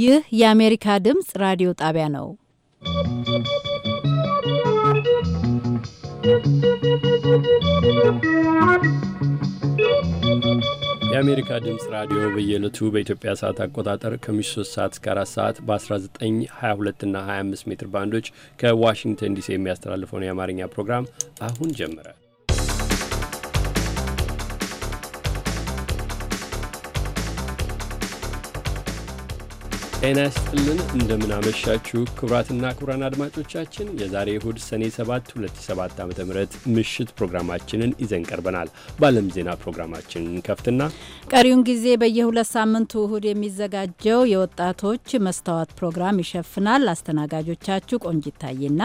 ይህ የአሜሪካ ድምፅ ራዲዮ ጣቢያ ነው። የአሜሪካ ድምፅ ራዲዮ በየዕለቱ በኢትዮጵያ ሰዓት አቆጣጠር ከምሽቱ 3 ሰዓት እስከ 4 ሰዓት በ1922 እና 25 ሜትር ባንዶች ከዋሽንግተን ዲሲ የሚያስተላልፈውን የአማርኛ ፕሮግራም አሁን ጀመረ። ጤና ይስጥልን እንደምናመሻችሁ ክቡራትና ክቡራን አድማጮቻችን የዛሬ እሁድ ሰኔ 7 2007 ዓ ም ምሽት ፕሮግራማችንን ይዘን ቀርበናል። በአለም ዜና ፕሮግራማችንን ከፍትና ቀሪውን ጊዜ በየሁለት ሳምንቱ እሁድ የሚዘጋጀው የወጣቶች መስታወት ፕሮግራም ይሸፍናል። አስተናጋጆቻችሁ ቆንጂት ታዬና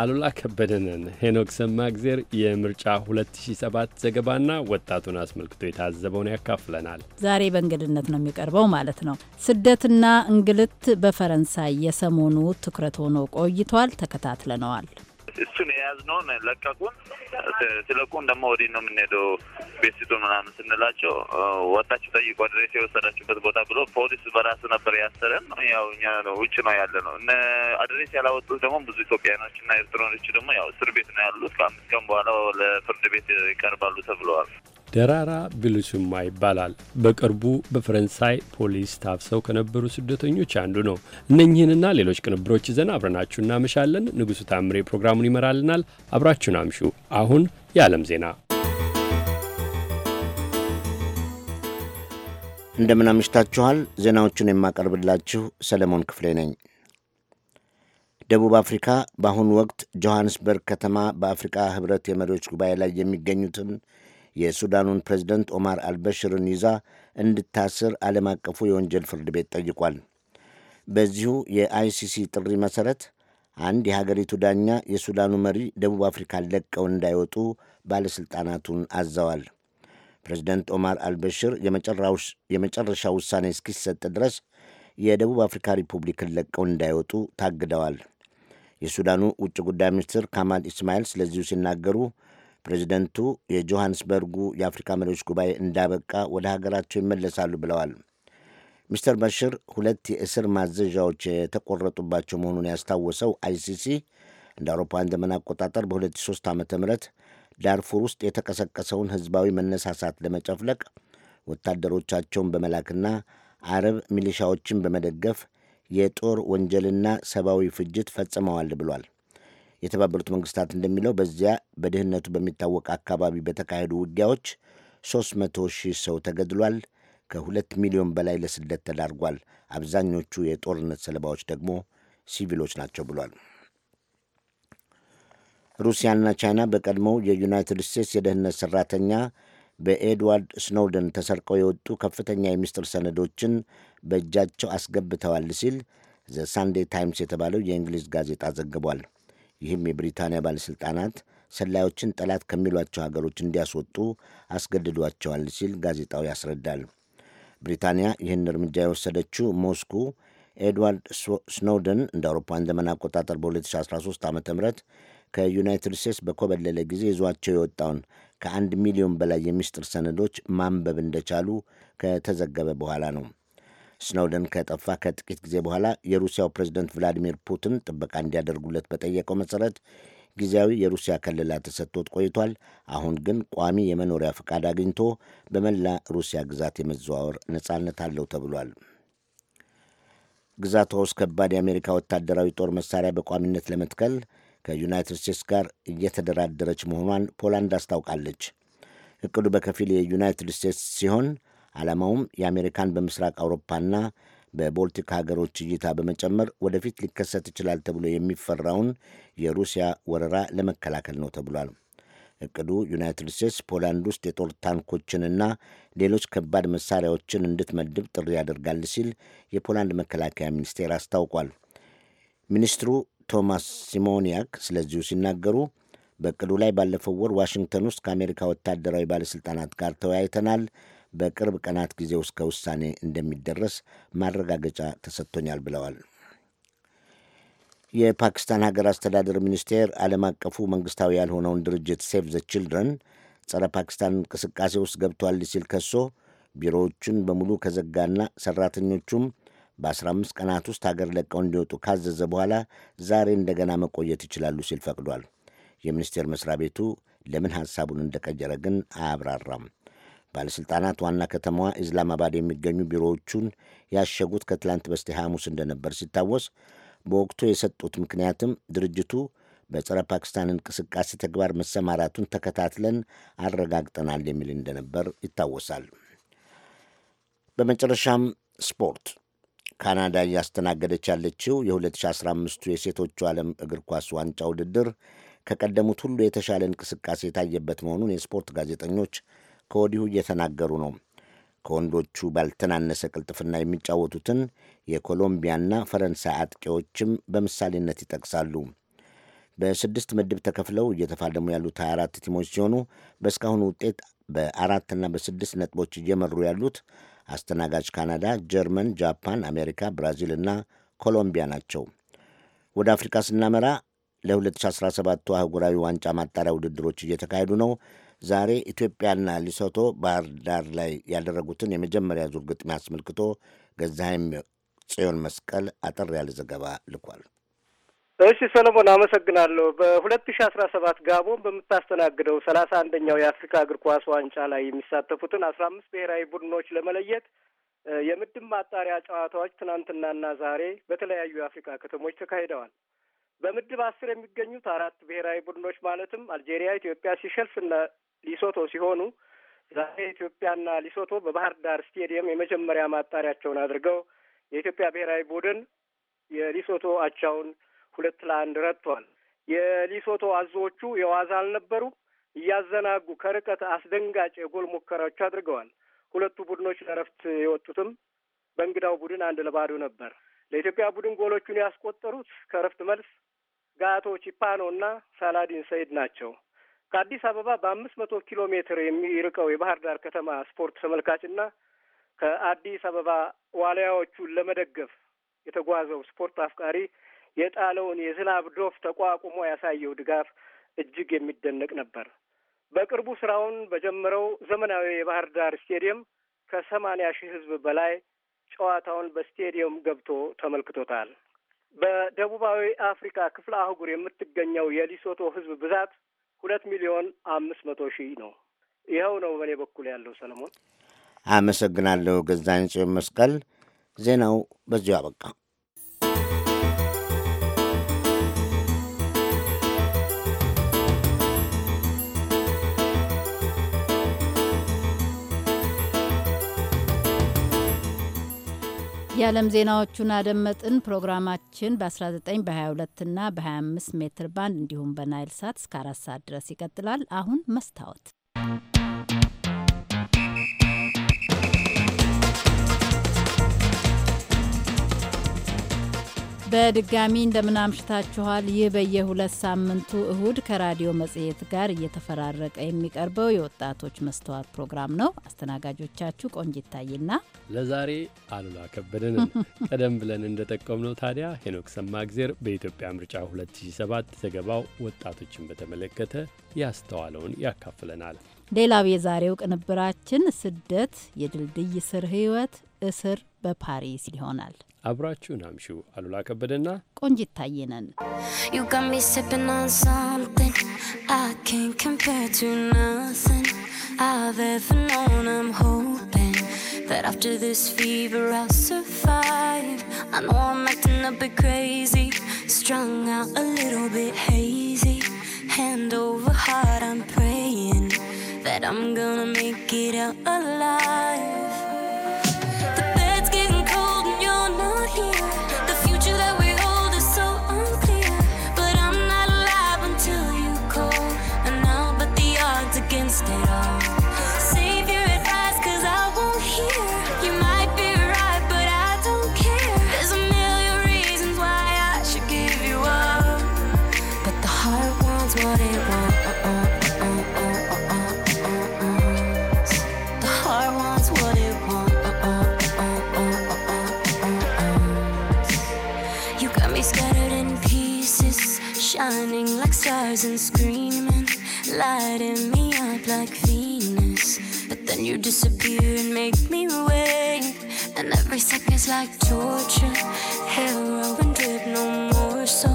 አሉላ ከበደንን ሄኖክ እግዜር የምርጫ 2007 ዘገባና ወጣቱን አስመልክቶ የታዘበውን ያካፍለናል። ዛሬ በእንግድነት ነው የሚቀርበው ማለት ነው። ስደትና እንግልት በፈረንሳይ የሰሞኑ ትኩረት ሆኖ ቆይቷል። ተከታትለነዋል። እሱን የያዝነውን ለቀቁን። ሲለቁን ደግሞ ወዲህ ነው የምንሄደው ቤትስቱን ምናምን ስንላቸው ወጣችሁ ጠይቁ አድሬስ የወሰዳችሁበት ቦታ ብሎ ፖሊስ በራሱ ነበር ያሰረን። ያው እኛ ውጭ ነው ያለ ነው። እነ አድሬስ ያላወጡት ደግሞ ብዙ ኢትዮጵያኖች እና ኤርትራኖች ደግሞ ያው እስር ቤት ነው ያሉት። ከአምስት ቀን በኋላ ለፍርድ ቤት ይቀርባሉ ተብለዋል። ደራራ ብሉሱማ ይባላል። በቅርቡ በፈረንሳይ ፖሊስ ታፍሰው ከነበሩ ስደተኞች አንዱ ነው። እነኚህንና ሌሎች ቅንብሮች ይዘን አብረናችሁ እናመሻለን። ንጉሡ ታምሬ ፕሮግራሙን ይመራልናል። አብራችሁን አምሹ። አሁን የዓለም ዜና። እንደምን አምሽታችኋል። ዜናዎቹን የማቀርብላችሁ ሰለሞን ክፍሌ ነኝ። ደቡብ አፍሪካ በአሁኑ ወቅት ጆሐንስበርግ ከተማ በአፍሪካ ሕብረት የመሪዎች ጉባኤ ላይ የሚገኙትን የሱዳኑን ፕሬዝደንት ኦማር አልበሽርን ይዛ እንድታስር ዓለም አቀፉ የወንጀል ፍርድ ቤት ጠይቋል። በዚሁ የአይሲሲ ጥሪ መሠረት አንድ የሀገሪቱ ዳኛ የሱዳኑ መሪ ደቡብ አፍሪካን ለቀው እንዳይወጡ ባለሥልጣናቱን አዘዋል። ፕሬዝደንት ኦማር አልበሽር የመጨረሻ ውሳኔ እስኪሰጥ ድረስ የደቡብ አፍሪካ ሪፑብሊክን ለቀው እንዳይወጡ ታግደዋል። የሱዳኑ ውጭ ጉዳይ ሚኒስትር ካማል ኢስማኤል ስለዚሁ ሲናገሩ ፕሬዚደንቱ የጆሃንስበርጉ የአፍሪካ መሪዎች ጉባኤ እንዳበቃ ወደ ሀገራቸው ይመለሳሉ ብለዋል። ሚስተር በሽር ሁለት የእስር ማዘዣዎች የተቆረጡባቸው መሆኑን ያስታወሰው አይሲሲ እንደ አውሮፓውያን ዘመን አቆጣጠር በ2003 ዓ ም ዳርፉር ውስጥ የተቀሰቀሰውን ህዝባዊ መነሳሳት ለመጨፍለቅ ወታደሮቻቸውን በመላክና አረብ ሚሊሻዎችን በመደገፍ የጦር ወንጀልና ሰብአዊ ፍጅት ፈጽመዋል ብሏል። የተባበሩት መንግስታት እንደሚለው በዚያ በድህነቱ በሚታወቅ አካባቢ በተካሄዱ ውጊያዎች 300 ሺህ ሰው ተገድሏል። ከሁለት ሚሊዮን በላይ ለስደት ተዳርጓል። አብዛኞቹ የጦርነት ሰለባዎች ደግሞ ሲቪሎች ናቸው ብሏል። ሩሲያና ቻይና በቀድሞው የዩናይትድ ስቴትስ የደህንነት ሠራተኛ በኤድዋርድ ስኖውደን ተሰርቀው የወጡ ከፍተኛ የሚስጥር ሰነዶችን በእጃቸው አስገብተዋል ሲል ዘ ሳንዴ ታይምስ የተባለው የእንግሊዝ ጋዜጣ ዘግቧል። ይህም የብሪታንያ ባለሥልጣናት ሰላዮችን ጠላት ከሚሏቸው ሀገሮች እንዲያስወጡ አስገድዷቸዋል ሲል ጋዜጣው ያስረዳል። ብሪታንያ ይህን እርምጃ የወሰደችው ሞስኩ ኤድዋርድ ስኖደን እንደ አውሮፓን ዘመን አቆጣጠር በ2013 ዓ ም ከዩናይትድ ስቴትስ በኮበለለ ጊዜ ይዟቸው የወጣውን ከአንድ ሚሊዮን በላይ የሚስጥር ሰነዶች ማንበብ እንደቻሉ ከተዘገበ በኋላ ነው። ስኖደን ከጠፋ ከጥቂት ጊዜ በኋላ የሩሲያው ፕሬዝደንት ቭላዲሚር ፑቲን ጥበቃ እንዲያደርጉለት በጠየቀው መሠረት ጊዜያዊ የሩሲያ ከለላ ተሰጥቶት ቆይቷል። አሁን ግን ቋሚ የመኖሪያ ፈቃድ አግኝቶ በመላ ሩሲያ ግዛት የመዘዋወር ነጻነት አለው ተብሏል። ግዛቷ ውስጥ ከባድ የአሜሪካ ወታደራዊ ጦር መሳሪያ በቋሚነት ለመትከል ከዩናይትድ ስቴትስ ጋር እየተደራደረች መሆኗን ፖላንድ አስታውቃለች። እቅዱ በከፊል የዩናይትድ ስቴትስ ሲሆን ዓላማውም የአሜሪካን በምስራቅ አውሮፓና በቦልቲክ ሀገሮች እይታ በመጨመር ወደፊት ሊከሰት ይችላል ተብሎ የሚፈራውን የሩሲያ ወረራ ለመከላከል ነው ተብሏል። እቅዱ ዩናይትድ ስቴትስ ፖላንድ ውስጥ የጦር ታንኮችንና ሌሎች ከባድ መሳሪያዎችን እንድትመድብ ጥሪ ያደርጋል ሲል የፖላንድ መከላከያ ሚኒስቴር አስታውቋል። ሚኒስትሩ ቶማስ ሲሞኒያክ ስለዚሁ ሲናገሩ በእቅዱ ላይ ባለፈው ወር ዋሽንግተን ውስጥ ከአሜሪካ ወታደራዊ ባለሥልጣናት ጋር ተወያይተናል። በቅርብ ቀናት ጊዜ ውስጥ ከውሳኔ እንደሚደረስ ማረጋገጫ ተሰጥቶኛል ብለዋል። የፓኪስታን ሀገር አስተዳደር ሚኒስቴር ዓለም አቀፉ መንግስታዊ ያልሆነውን ድርጅት ሴቭ ዘ ችልድረን ጸረ ፓኪስታን እንቅስቃሴ ውስጥ ገብቷል ሲል ከሶ ቢሮዎቹን በሙሉ ከዘጋና ሰራተኞቹም በ15 ቀናት ውስጥ ሀገር ለቀው እንዲወጡ ካዘዘ በኋላ ዛሬ እንደገና መቆየት ይችላሉ ሲል ፈቅዷል። የሚኒስቴር መስሪያ ቤቱ ለምን ሐሳቡን እንደቀየረ ግን አያብራራም። ባለሥልጣናት ዋና ከተማዋ ኢስላማባድ የሚገኙ ቢሮዎቹን ያሸጉት ከትላንት በስቲያ ሐሙስ እንደነበር ሲታወስ በወቅቱ የሰጡት ምክንያትም ድርጅቱ በጸረ ፓኪስታን እንቅስቃሴ ተግባር መሰማራቱን ተከታትለን አረጋግጠናል የሚል እንደነበር ይታወሳል። በመጨረሻም ስፖርት። ካናዳ እያስተናገደች ያለችው የ2015ቱ የሴቶቹ ዓለም እግር ኳስ ዋንጫ ውድድር ከቀደሙት ሁሉ የተሻለ እንቅስቃሴ የታየበት መሆኑን የስፖርት ጋዜጠኞች ከወዲሁ እየተናገሩ ነው። ከወንዶቹ ባልተናነሰ ቅልጥፍና የሚጫወቱትን የኮሎምቢያና ፈረንሳይ አጥቂዎችም በምሳሌነት ይጠቅሳሉ። በስድስት ምድብ ተከፍለው እየተፋለሙ ያሉት 24 ቲሞች ሲሆኑ በእስካሁኑ ውጤት በአራትና በስድስት ነጥቦች እየመሩ ያሉት አስተናጋጅ ካናዳ፣ ጀርመን፣ ጃፓን፣ አሜሪካ፣ ብራዚል እና ኮሎምቢያ ናቸው። ወደ አፍሪካ ስናመራ ለ2017 አህጉራዊ ዋንጫ ማጣሪያ ውድድሮች እየተካሄዱ ነው። ዛሬ ኢትዮጵያና ሊሶቶ ባህር ዳር ላይ ያደረጉትን የመጀመሪያ ዙር ግጥሚያ አስመልክቶ ገዛኸኝ ጽዮን መስቀል አጠር ያለ ዘገባ ልኳል። እሺ ሰለሞን አመሰግናለሁ። በሁለት ሺ አስራ ሰባት ጋቦን በምታስተናግደው ሰላሳ አንደኛው የአፍሪካ እግር ኳስ ዋንጫ ላይ የሚሳተፉትን አስራ አምስት ብሔራዊ ቡድኖች ለመለየት የምድብ ማጣሪያ ጨዋታዎች ትናንትናና ዛሬ በተለያዩ የአፍሪካ ከተሞች ተካሂደዋል። በምድብ አስር የሚገኙት አራት ብሔራዊ ቡድኖች ማለትም አልጄሪያ፣ ኢትዮጵያ፣ ሲሸልስ እና ሊሶቶ ሲሆኑ ዛሬ ኢትዮጵያና ሊሶቶ በባህር ዳር ስቴዲየም የመጀመሪያ ማጣሪያቸውን አድርገው የኢትዮጵያ ብሔራዊ ቡድን የሊሶቶ አቻውን ሁለት ለአንድ ረጥቷል። የሊሶቶ አዞዎቹ የዋዛ አልነበሩ። እያዘናጉ ከርቀት አስደንጋጭ የጎል ሙከራዎች አድርገዋል። ሁለቱ ቡድኖች ለረፍት የወጡትም በእንግዳው ቡድን አንድ ለባዶ ነበር። ለኢትዮጵያ ቡድን ጎሎቹን ያስቆጠሩት ከረፍት መልስ ጋቶ ቺፓኖ እና ሳላዲን ሰይድ ናቸው። ከአዲስ አበባ በአምስት መቶ ኪሎ ሜትር የሚርቀው የባህር ዳር ከተማ ስፖርት ተመልካችና ከአዲስ አበባ ዋልያዎቹን ለመደገፍ የተጓዘው ስፖርት አፍቃሪ የጣለውን የዝናብ ዶፍ ተቋቁሞ ያሳየው ድጋፍ እጅግ የሚደነቅ ነበር። በቅርቡ ስራውን በጀመረው ዘመናዊ የባህር ዳር ስቴዲየም ከሰማንያ ሺህ ህዝብ በላይ ጨዋታውን በስቴዲየም ገብቶ ተመልክቶታል። በደቡባዊ አፍሪካ ክፍለ አህጉር የምትገኘው የሊሶቶ ህዝብ ብዛት ሁለት ሚሊዮን አምስት መቶ ሺህ ነው። ይኸው ነው በእኔ በኩል ያለው። ሰለሞን አመሰግናለሁ። ገዛኝ ጽዮን መስቀል። ዜናው በዚሁ አበቃ። የዓለም ዜናዎቹን አደመጥን። ፕሮግራማችን በ19 በ22 እና በ25 ሜትር ባንድ እንዲሁም በናይል ሳት እስከ አራት ሰዓት ድረስ ይቀጥላል። አሁን መስታወት በድጋሚ እንደምናምሽታችኋል። ይህ በየሁለት ሳምንቱ እሁድ ከራዲዮ መጽሔት ጋር እየተፈራረቀ የሚቀርበው የወጣቶች መስተዋት ፕሮግራም ነው። አስተናጋጆቻችሁ ቆንጂት ታይና ለዛሬ አሉላ ከበደን። ቀደም ብለን እንደጠቆምነው ታዲያ ሄኖክ ሰማእግዜር በኢትዮጵያ ምርጫ 2007 ዘገባው ወጣቶችን በተመለከተ ያስተዋለውን ያካፍለናል። ሌላው የዛሬው ቅንብራችን ስደት፣ የድልድይ ስር ህይወት፣ እስር በፓሪስ ይሆናል። አብራችሁን አምሹ። አሉላ ከበደና ቆንጂት am ነን። That after this fever I'll survive I know I'm acting a bit crazy Strung out a little bit hazy Hand over heart I'm praying That I'm gonna make it out alive lighting me up like Venus. But then you disappear and make me wait. And every second's like torture. Heroin drip, no more. So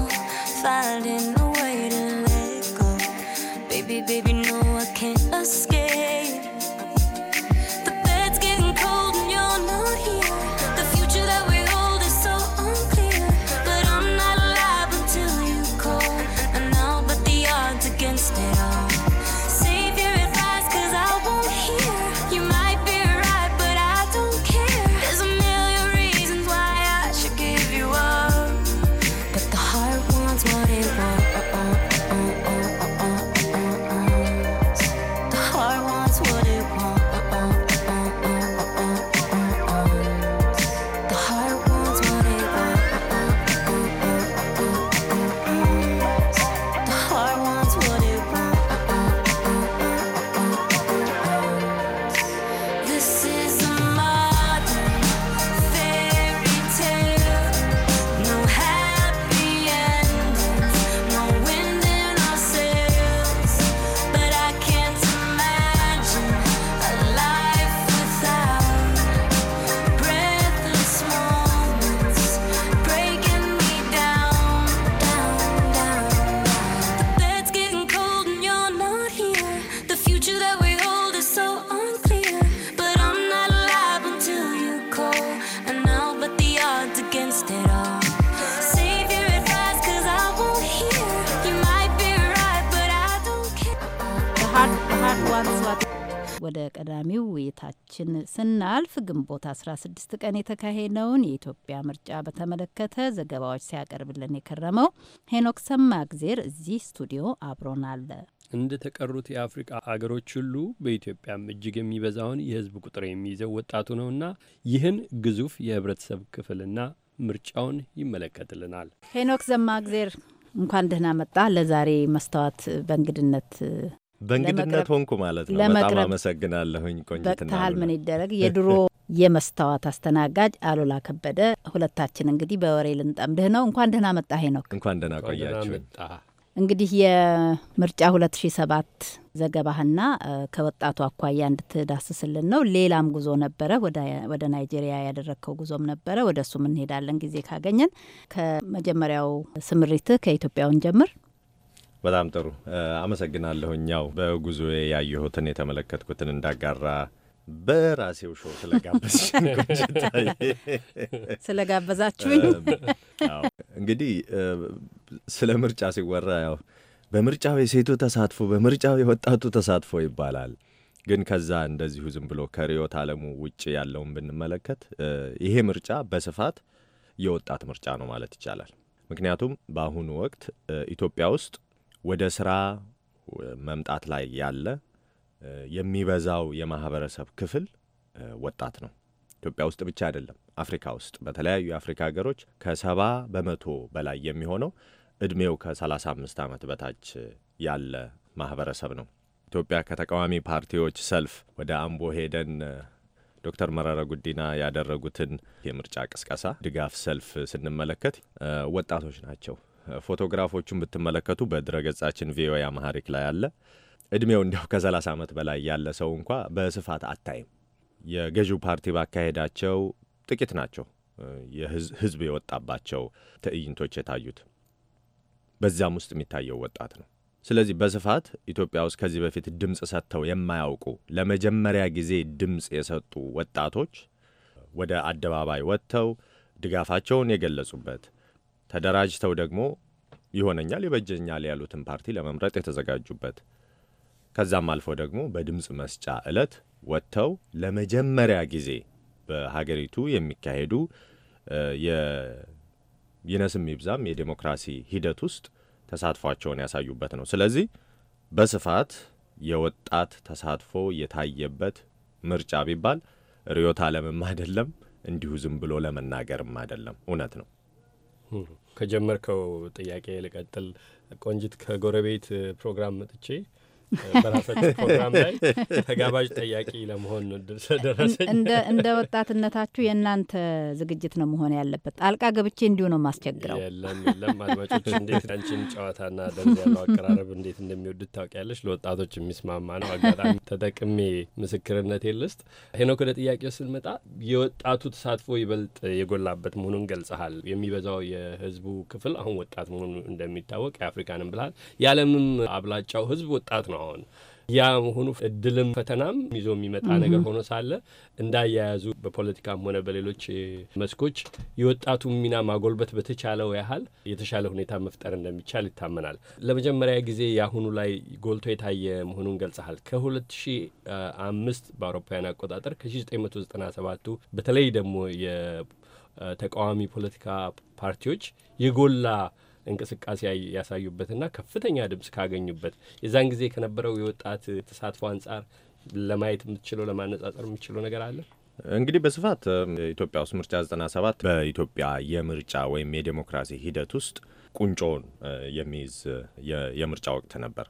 finding a way to let go. Baby, baby, ስናልፍ ግንቦት 16 ቀን የተካሄደውን የኢትዮጵያ ምርጫ በተመለከተ ዘገባዎች ሲያቀርብልን የከረመው ሄኖክ ሰማእግዜር እዚህ ስቱዲዮ አብሮናል። እንደ ተቀሩት የአፍሪቃ አገሮች ሁሉ በኢትዮጵያም እጅግ የሚበዛውን የህዝብ ቁጥር የሚይዘው ወጣቱ ነውና ይህን ግዙፍ የህብረተሰብ ክፍልና ምርጫውን ይመለከትልናል። ሄኖክ ሰማእግዜር እንኳን ደህና መጣ። ለዛሬ መስተዋት በእንግድነት በእንግድነት ሆንኩ ማለት ነው። በጣም አመሰግናለሁኝ ቆንጅት። ምን ይደረግ። የድሮ የመስታወት አስተናጋጅ አሉላ ከበደ። ሁለታችን እንግዲህ በወሬ ልንጠምድህ ነው። እንኳን ደህና መጣ ሄኖክ። እንኳን ደህና ቆያችሁ። እንግዲህ የምርጫ 2007 ዘገባህና ከወጣቱ አኳያ እንድትዳስስልን ነው። ሌላም ጉዞ ነበረ፣ ወደ ናይጄሪያ ያደረግከው ጉዞም ነበረ። ወደ እሱም እንሄዳለን ጊዜ ካገኘን። ከመጀመሪያው ስምሪትህ ከኢትዮጵያውን ጀምር። በጣም ጥሩ አመሰግናለሁ። እኛው በጉዞ ያየሁትን የተመለከትኩትን እንዳጋራ በራሴው ሾው ስለጋበዝሽን ስለጋበዛችሁኝ እንግዲህ ስለ ምርጫ ሲወራ ያው በምርጫው የሴቱ ተሳትፎ በምርጫው የወጣቱ ተሳትፎ ይባላል። ግን ከዛ እንደዚሁ ዝም ብሎ ከርዕዮተ ዓለሙ ውጭ ያለውን ብንመለከት ይሄ ምርጫ በስፋት የወጣት ምርጫ ነው ማለት ይቻላል። ምክንያቱም በአሁኑ ወቅት ኢትዮጵያ ውስጥ ወደ ስራ መምጣት ላይ ያለ የሚበዛው የማህበረሰብ ክፍል ወጣት ነው። ኢትዮጵያ ውስጥ ብቻ አይደለም፣ አፍሪካ ውስጥ በተለያዩ የአፍሪካ ሀገሮች ከሰባ በመቶ በላይ የሚሆነው እድሜው ከ35 ዓመት በታች ያለ ማህበረሰብ ነው። ኢትዮጵያ ከተቃዋሚ ፓርቲዎች ሰልፍ ወደ አምቦ ሄደን ዶክተር መረረ ጉዲና ያደረጉትን የምርጫ ቅስቀሳ ድጋፍ ሰልፍ ስንመለከት ወጣቶች ናቸው ፎቶግራፎቹን ብትመለከቱ በድረገጻችን ቪኦኤ አማሐሪክ ላይ አለ። እድሜው እንዲያው ከ30 ዓመት በላይ ያለ ሰው እንኳ በስፋት አታይም። የገዢው ፓርቲ ባካሄዳቸው ጥቂት ናቸው የህዝብ የወጣባቸው ትዕይንቶች የታዩት። በዚያም ውስጥ የሚታየው ወጣት ነው። ስለዚህ በስፋት ኢትዮጵያ ውስጥ ከዚህ በፊት ድምፅ ሰጥተው የማያውቁ ለመጀመሪያ ጊዜ ድምፅ የሰጡ ወጣቶች ወደ አደባባይ ወጥተው ድጋፋቸውን የገለጹበት ተደራጅተው ደግሞ ይሆነኛል፣ ይበጀኛል ያሉትን ፓርቲ ለመምረጥ የተዘጋጁበት ከዛም አልፎ ደግሞ በድምፅ መስጫ ዕለት ወጥተው ለመጀመሪያ ጊዜ በሀገሪቱ የሚካሄዱ የይነስም ይብዛም የዴሞክራሲ ሂደት ውስጥ ተሳትፏቸውን ያሳዩበት ነው። ስለዚህ በስፋት የወጣት ተሳትፎ የታየበት ምርጫ ቢባል ርዕዮተ ዓለምም አይደለም፣ እንዲሁ ዝም ብሎ ለመናገርም አይደለም። እውነት ነው። ከጀመርከው ጥያቄ ልቀጥል ቆንጅት ከጎረቤት ፕሮግራም መጥቼ በራሳችን ፕሮግራም ላይ ተጋባዥ ጠያቂ ለመሆን ደረሰ። እንደ ወጣትነታችሁ የእናንተ ዝግጅት ነው መሆን ያለበት። ጣልቃ ገብቼ እንዲሁ ነው ማስቸግረው። የለም የለም። አድማጮች እንዴት አንቺን ጨዋታና ደርዝ ያለው አቀራረብ እንዴት እንደሚወዱት ታውቂያለሽ። ለወጣቶች የሚስማማ ነው። አጋጣሚ ተጠቅሜ ምስክርነት የልስጥ ሄኖክ፣ ወደ ጥያቄው ስንመጣ የወጣቱ ተሳትፎ ይበልጥ የጎላበት መሆኑን ገልጸሃል። የሚበዛው የህዝቡ ክፍል አሁን ወጣት መሆኑ እንደሚታወቅ የአፍሪካንም ብልሃል የዓለምም አብላጫው ህዝብ ወጣት ነው። ነው አሁን ያ መሆኑ እድልም ፈተናም ይዞ የሚመጣ ነገር ሆኖ ሳለ እንዳያያዙ በፖለቲካም ሆነ በሌሎች መስኮች የወጣቱ ሚና ማጎልበት በተቻለው ያህል የተሻለ ሁኔታ መፍጠር እንደሚቻል ይታመናል። ለመጀመሪያ ጊዜ የአሁኑ ላይ ጎልቶ የታየ መሆኑን ገልጸሃል። ከ2005 በአውሮፓውያን አቆጣጠር ከ1997ቱ በተለይ ደግሞ የተቃዋሚ ፖለቲካ ፓርቲዎች የጎላ እንቅስቃሴ ያሳዩበትና ከፍተኛ ድምጽ ካገኙበት የዛን ጊዜ ከነበረው የወጣት ተሳትፎ አንጻር ለማየት የምትችለው ለማነጻጸር የምትችለው ነገር አለ? እንግዲህ በስፋት ኢትዮጵያ ውስጥ ምርጫ 97 በኢትዮጵያ የምርጫ ወይም የዴሞክራሲ ሂደት ውስጥ ቁንጮውን የሚይዝ የምርጫ ወቅት ነበር።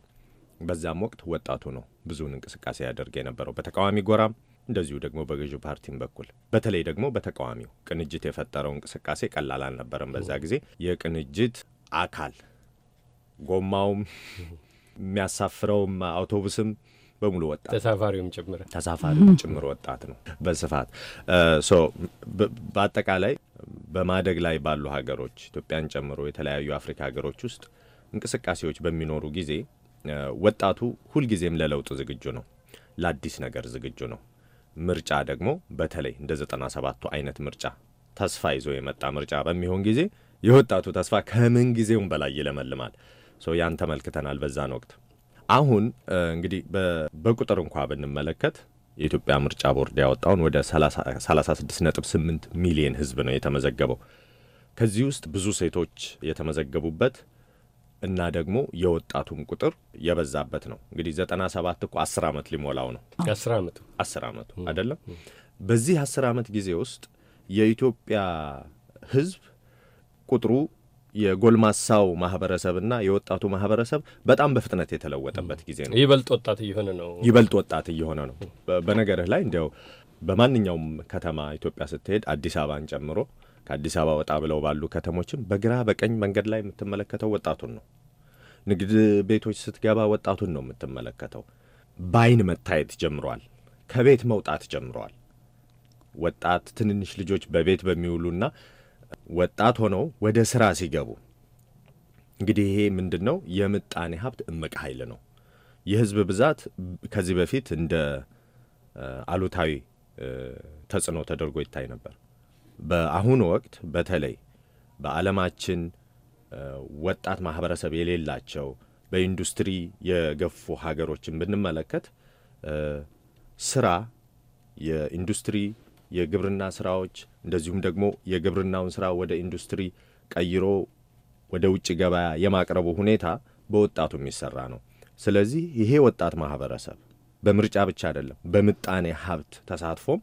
በዛም ወቅት ወጣቱ ነው ብዙውን እንቅስቃሴ ያደርግ የነበረው በተቃዋሚ ጎራም እንደዚሁ ደግሞ በገዢው ፓርቲም በኩል በተለይ ደግሞ በተቃዋሚው ቅንጅት የፈጠረው እንቅስቃሴ ቀላል አልነበረም። በዛ ጊዜ የቅንጅት አካል ጎማውም የሚያሳፍረውም አውቶቡስም በሙሉ ወጣት ተሳፋሪውም ጭምር ተሳፋሪውም ጭምር ወጣት ነው በስፋት በአጠቃላይ በማደግ ላይ ባሉ ሀገሮች ኢትዮጵያን ጨምሮ የተለያዩ አፍሪካ ሀገሮች ውስጥ እንቅስቃሴዎች በሚኖሩ ጊዜ ወጣቱ ሁልጊዜም ለለውጥ ዝግጁ ነው፣ ለአዲስ ነገር ዝግጁ ነው። ምርጫ ደግሞ በተለይ እንደ ዘጠና ሰባቱ አይነት ምርጫ ተስፋ ይዞ የመጣ ምርጫ በሚሆን ጊዜ የወጣቱ ተስፋ ከምን ጊዜውም በላይ ይለመልማል። ያን ተመልክተናል በዛን ወቅት። አሁን እንግዲህ በቁጥር እንኳ ብንመለከት የኢትዮጵያ ምርጫ ቦርድ ያወጣውን ወደ 36.8 ሚሊዮን ህዝብ ነው የተመዘገበው። ከዚህ ውስጥ ብዙ ሴቶች የተመዘገቡበት እና ደግሞ የወጣቱም ቁጥር የበዛበት ነው። እንግዲህ 97 እኮ 10 ዓመት ሊሞላው ነው። 10 ዓመቱ 10 ዓመቱ አይደለም። በዚህ 10 ዓመት ጊዜ ውስጥ የኢትዮጵያ ህዝብ ቁጥሩ የጎልማሳው ማህበረሰብና የወጣቱ ማህበረሰብ በጣም በፍጥነት የተለወጠበት ጊዜ ነው። ይበልጥ ወጣት እየሆነ ነው። ይበልጥ ወጣት እየሆነ ነው። በነገርህ ላይ እንዲያው በማንኛውም ከተማ ኢትዮጵያ ስትሄድ አዲስ አበባን ጨምሮ ከአዲስ አበባ ወጣ ብለው ባሉ ከተሞችም በግራ በቀኝ መንገድ ላይ የምትመለከተው ወጣቱን ነው። ንግድ ቤቶች ስትገባ ወጣቱን ነው የምትመለከተው። በአይን መታየት ጀምሯል። ከቤት መውጣት ጀምሯል። ወጣት ትንንሽ ልጆች በቤት በሚውሉና ወጣት ሆነው ወደ ስራ ሲገቡ እንግዲህ ይሄ ምንድን ነው? የምጣኔ ሀብት እምቅ ኃይል ነው። የህዝብ ብዛት ከዚህ በፊት እንደ አሉታዊ ተጽዕኖ ተደርጎ ይታይ ነበር። በአሁኑ ወቅት በተለይ በዓለማችን ወጣት ማህበረሰብ የሌላቸው በኢንዱስትሪ የገፉ ሀገሮችን ብንመለከት ስራ፣ የኢንዱስትሪ የግብርና ስራዎች እንደዚሁም ደግሞ የግብርናውን ስራ ወደ ኢንዱስትሪ ቀይሮ ወደ ውጭ ገበያ የማቅረቡ ሁኔታ በወጣቱ የሚሰራ ነው። ስለዚህ ይሄ ወጣት ማህበረሰብ በምርጫ ብቻ አይደለም፣ በምጣኔ ሀብት ተሳትፎም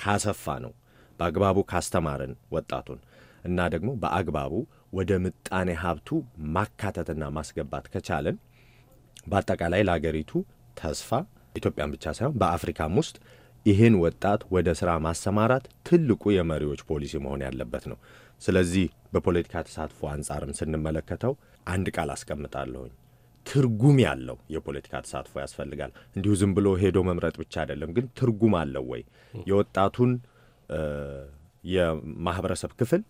ካሰፋ ነው በአግባቡ ካስተማርን ወጣቱን እና ደግሞ በአግባቡ ወደ ምጣኔ ሀብቱ ማካተትና ማስገባት ከቻለን በአጠቃላይ ለአገሪቱ ተስፋ ኢትዮጵያን ብቻ ሳይሆን በአፍሪካም ውስጥ ይህን ወጣት ወደ ሥራ ማሰማራት ትልቁ የመሪዎች ፖሊሲ መሆን ያለበት ነው። ስለዚህ በፖለቲካ ተሳትፎ አንጻርም ስንመለከተው አንድ ቃል አስቀምጣለሁኝ። ትርጉም ያለው የፖለቲካ ተሳትፎ ያስፈልጋል። እንዲሁ ዝም ብሎ ሄዶ መምረጥ ብቻ አይደለም፣ ግን ትርጉም አለው ወይ የወጣቱን የማህበረሰብ ክፍል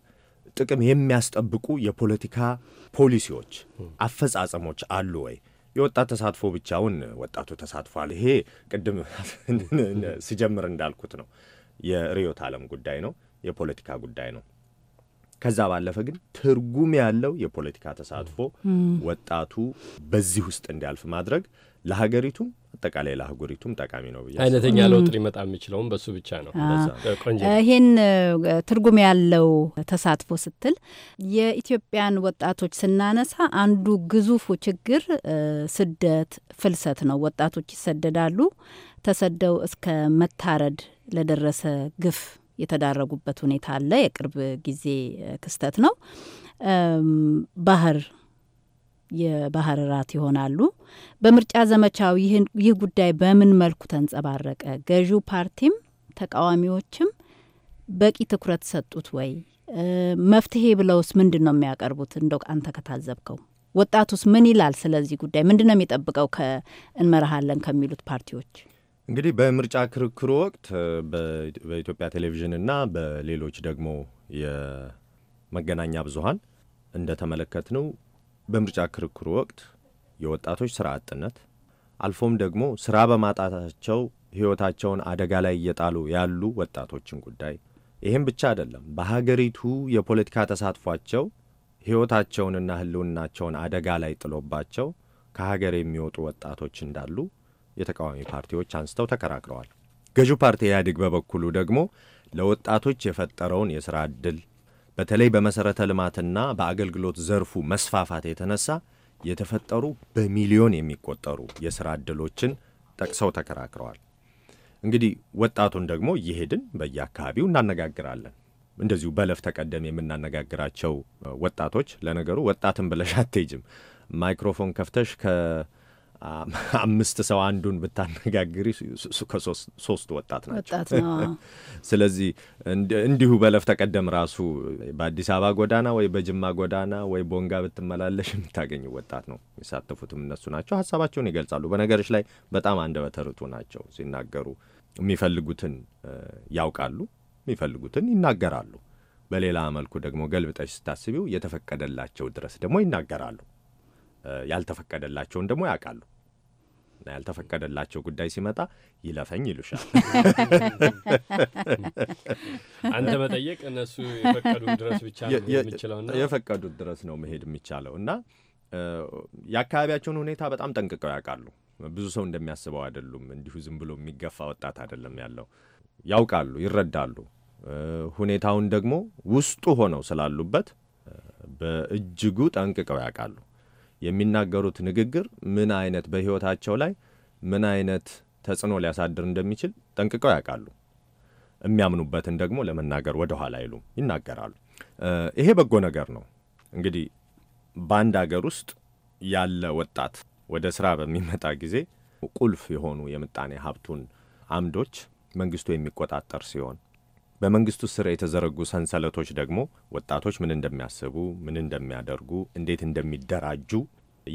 ጥቅም የሚያስጠብቁ የፖለቲካ ፖሊሲዎች፣ አፈጻጸሞች አሉ ወይ? የወጣት ተሳትፎ ብቻውን ወጣቱ ተሳትፏል። ይሄ ቅድም ስጀምር እንዳልኩት ነው። የርዕዮተ ዓለም ጉዳይ ነው፣ የፖለቲካ ጉዳይ ነው። ከዛ ባለፈ ግን ትርጉም ያለው የፖለቲካ ተሳትፎ ወጣቱ በዚህ ውስጥ እንዲያልፍ ማድረግ ለሀገሪቱም አጠቃላይ ለአህጉሪቱም ጠቃሚ ነው ብዬ አይነተኛ ለውጥ ሊመጣ የሚችለውም በሱ ብቻ ነው። ይህን ትርጉም ያለው ተሳትፎ ስትል የኢትዮጵያን ወጣቶች ስናነሳ አንዱ ግዙፉ ችግር ስደት፣ ፍልሰት ነው። ወጣቶች ይሰደዳሉ። ተሰደው እስከ መታረድ ለደረሰ ግፍ የተዳረጉበት ሁኔታ አለ። የቅርብ ጊዜ ክስተት ነው። ባህር የባህር ራት ይሆናሉ። በምርጫ ዘመቻው ይህ ጉዳይ በምን መልኩ ተንጸባረቀ? ገዢው ፓርቲም ተቃዋሚዎችም በቂ ትኩረት ሰጡት ወይ? መፍትሄ ብለውስ ምንድን ነው የሚያቀርቡት? እንደው አንተ ከታዘብከው ወጣቱስ ምን ይላል? ስለዚህ ጉዳይ ምንድን ነው የሚጠብቀው ከእንመርሃለን ከሚሉት ፓርቲዎች? እንግዲህ በምርጫ ክርክሩ ወቅት በኢትዮጵያ ቴሌቪዥን እና በሌሎች ደግሞ የመገናኛ ብዙኃን እንደተመለከትነው በምርጫ ክርክሩ ወቅት የወጣቶች ስራ አጥነት አልፎም ደግሞ ስራ በማጣታቸው ሕይወታቸውን አደጋ ላይ እየጣሉ ያሉ ወጣቶችን ጉዳይ ይህም ብቻ አይደለም። በሀገሪቱ የፖለቲካ ተሳትፏቸው ሕይወታቸውንና ሕልውናቸውን አደጋ ላይ ጥሎባቸው ከሀገር የሚወጡ ወጣቶች እንዳሉ የተቃዋሚ ፓርቲዎች አንስተው ተከራክረዋል። ገዢው ፓርቲ ኢህአዴግ በበኩሉ ደግሞ ለወጣቶች የፈጠረውን የሥራ ዕድል በተለይ በመሰረተ ልማትና በአገልግሎት ዘርፉ መስፋፋት የተነሳ የተፈጠሩ በሚሊዮን የሚቆጠሩ የስራ ዕድሎችን ጠቅሰው ተከራክረዋል። እንግዲህ ወጣቱን ደግሞ እየሄድን በየአካባቢው እናነጋግራለን። እንደዚሁ በለፍ ተቀደም የምናነጋግራቸው ወጣቶች ለነገሩ ወጣትን ብለሽ አትሄጅም። ማይክሮፎን ከፍተሽ አምስት ሰው አንዱን ብታነጋግሪ ሶስት ወጣት ናቸው። ስለዚህ እንዲሁ በለፍ ተቀደም ራሱ በአዲስ አበባ ጎዳና ወይ በጅማ ጎዳና ወይ ቦንጋ ብትመላለሽ የምታገኙ ወጣት ነው። የሚሳተፉትም እነሱ ናቸው። ሀሳባቸውን ይገልጻሉ። በነገሮች ላይ በጣም አንደበተ ርቱዕ ናቸው። ሲናገሩ የሚፈልጉትን ያውቃሉ፣ የሚፈልጉትን ይናገራሉ። በሌላ መልኩ ደግሞ ገልብጠሽ ስታስቢው የተፈቀደላቸው ድረስ ደግሞ ይናገራሉ። ያልተፈቀደላቸውን ደግሞ ያውቃሉ እና ያልተፈቀደላቸው ጉዳይ ሲመጣ ይለፈኝ ይሉሻል። አንተ መጠየቅ እነሱ የፈቀዱት ድረስ ነው የፈቀዱት ድረስ ነው መሄድ የሚቻለው እና የአካባቢያቸውን ሁኔታ በጣም ጠንቅቀው ያውቃሉ። ብዙ ሰው እንደሚያስበው አይደሉም። እንዲሁ ዝም ብሎ የሚገፋ ወጣት አይደለም ያለው። ያውቃሉ፣ ይረዳሉ። ሁኔታውን ደግሞ ውስጡ ሆነው ስላሉበት በእጅጉ ጠንቅቀው ያውቃሉ። የሚናገሩት ንግግር ምን አይነት በሕይወታቸው ላይ ምን አይነት ተጽዕኖ ሊያሳድር እንደሚችል ጠንቅቀው ያውቃሉ። የሚያምኑበትን ደግሞ ለመናገር ወደ ኋላ አይሉም፣ ይናገራሉ። ይሄ በጎ ነገር ነው። እንግዲህ በአንድ አገር ውስጥ ያለ ወጣት ወደ ስራ በሚመጣ ጊዜ ቁልፍ የሆኑ የምጣኔ ሀብቱን አምዶች መንግስቱ የሚቆጣጠር ሲሆን በመንግስቱ ስር የተዘረጉ ሰንሰለቶች ደግሞ ወጣቶች ምን እንደሚያስቡ፣ ምን እንደሚያደርጉ፣ እንዴት እንደሚደራጁ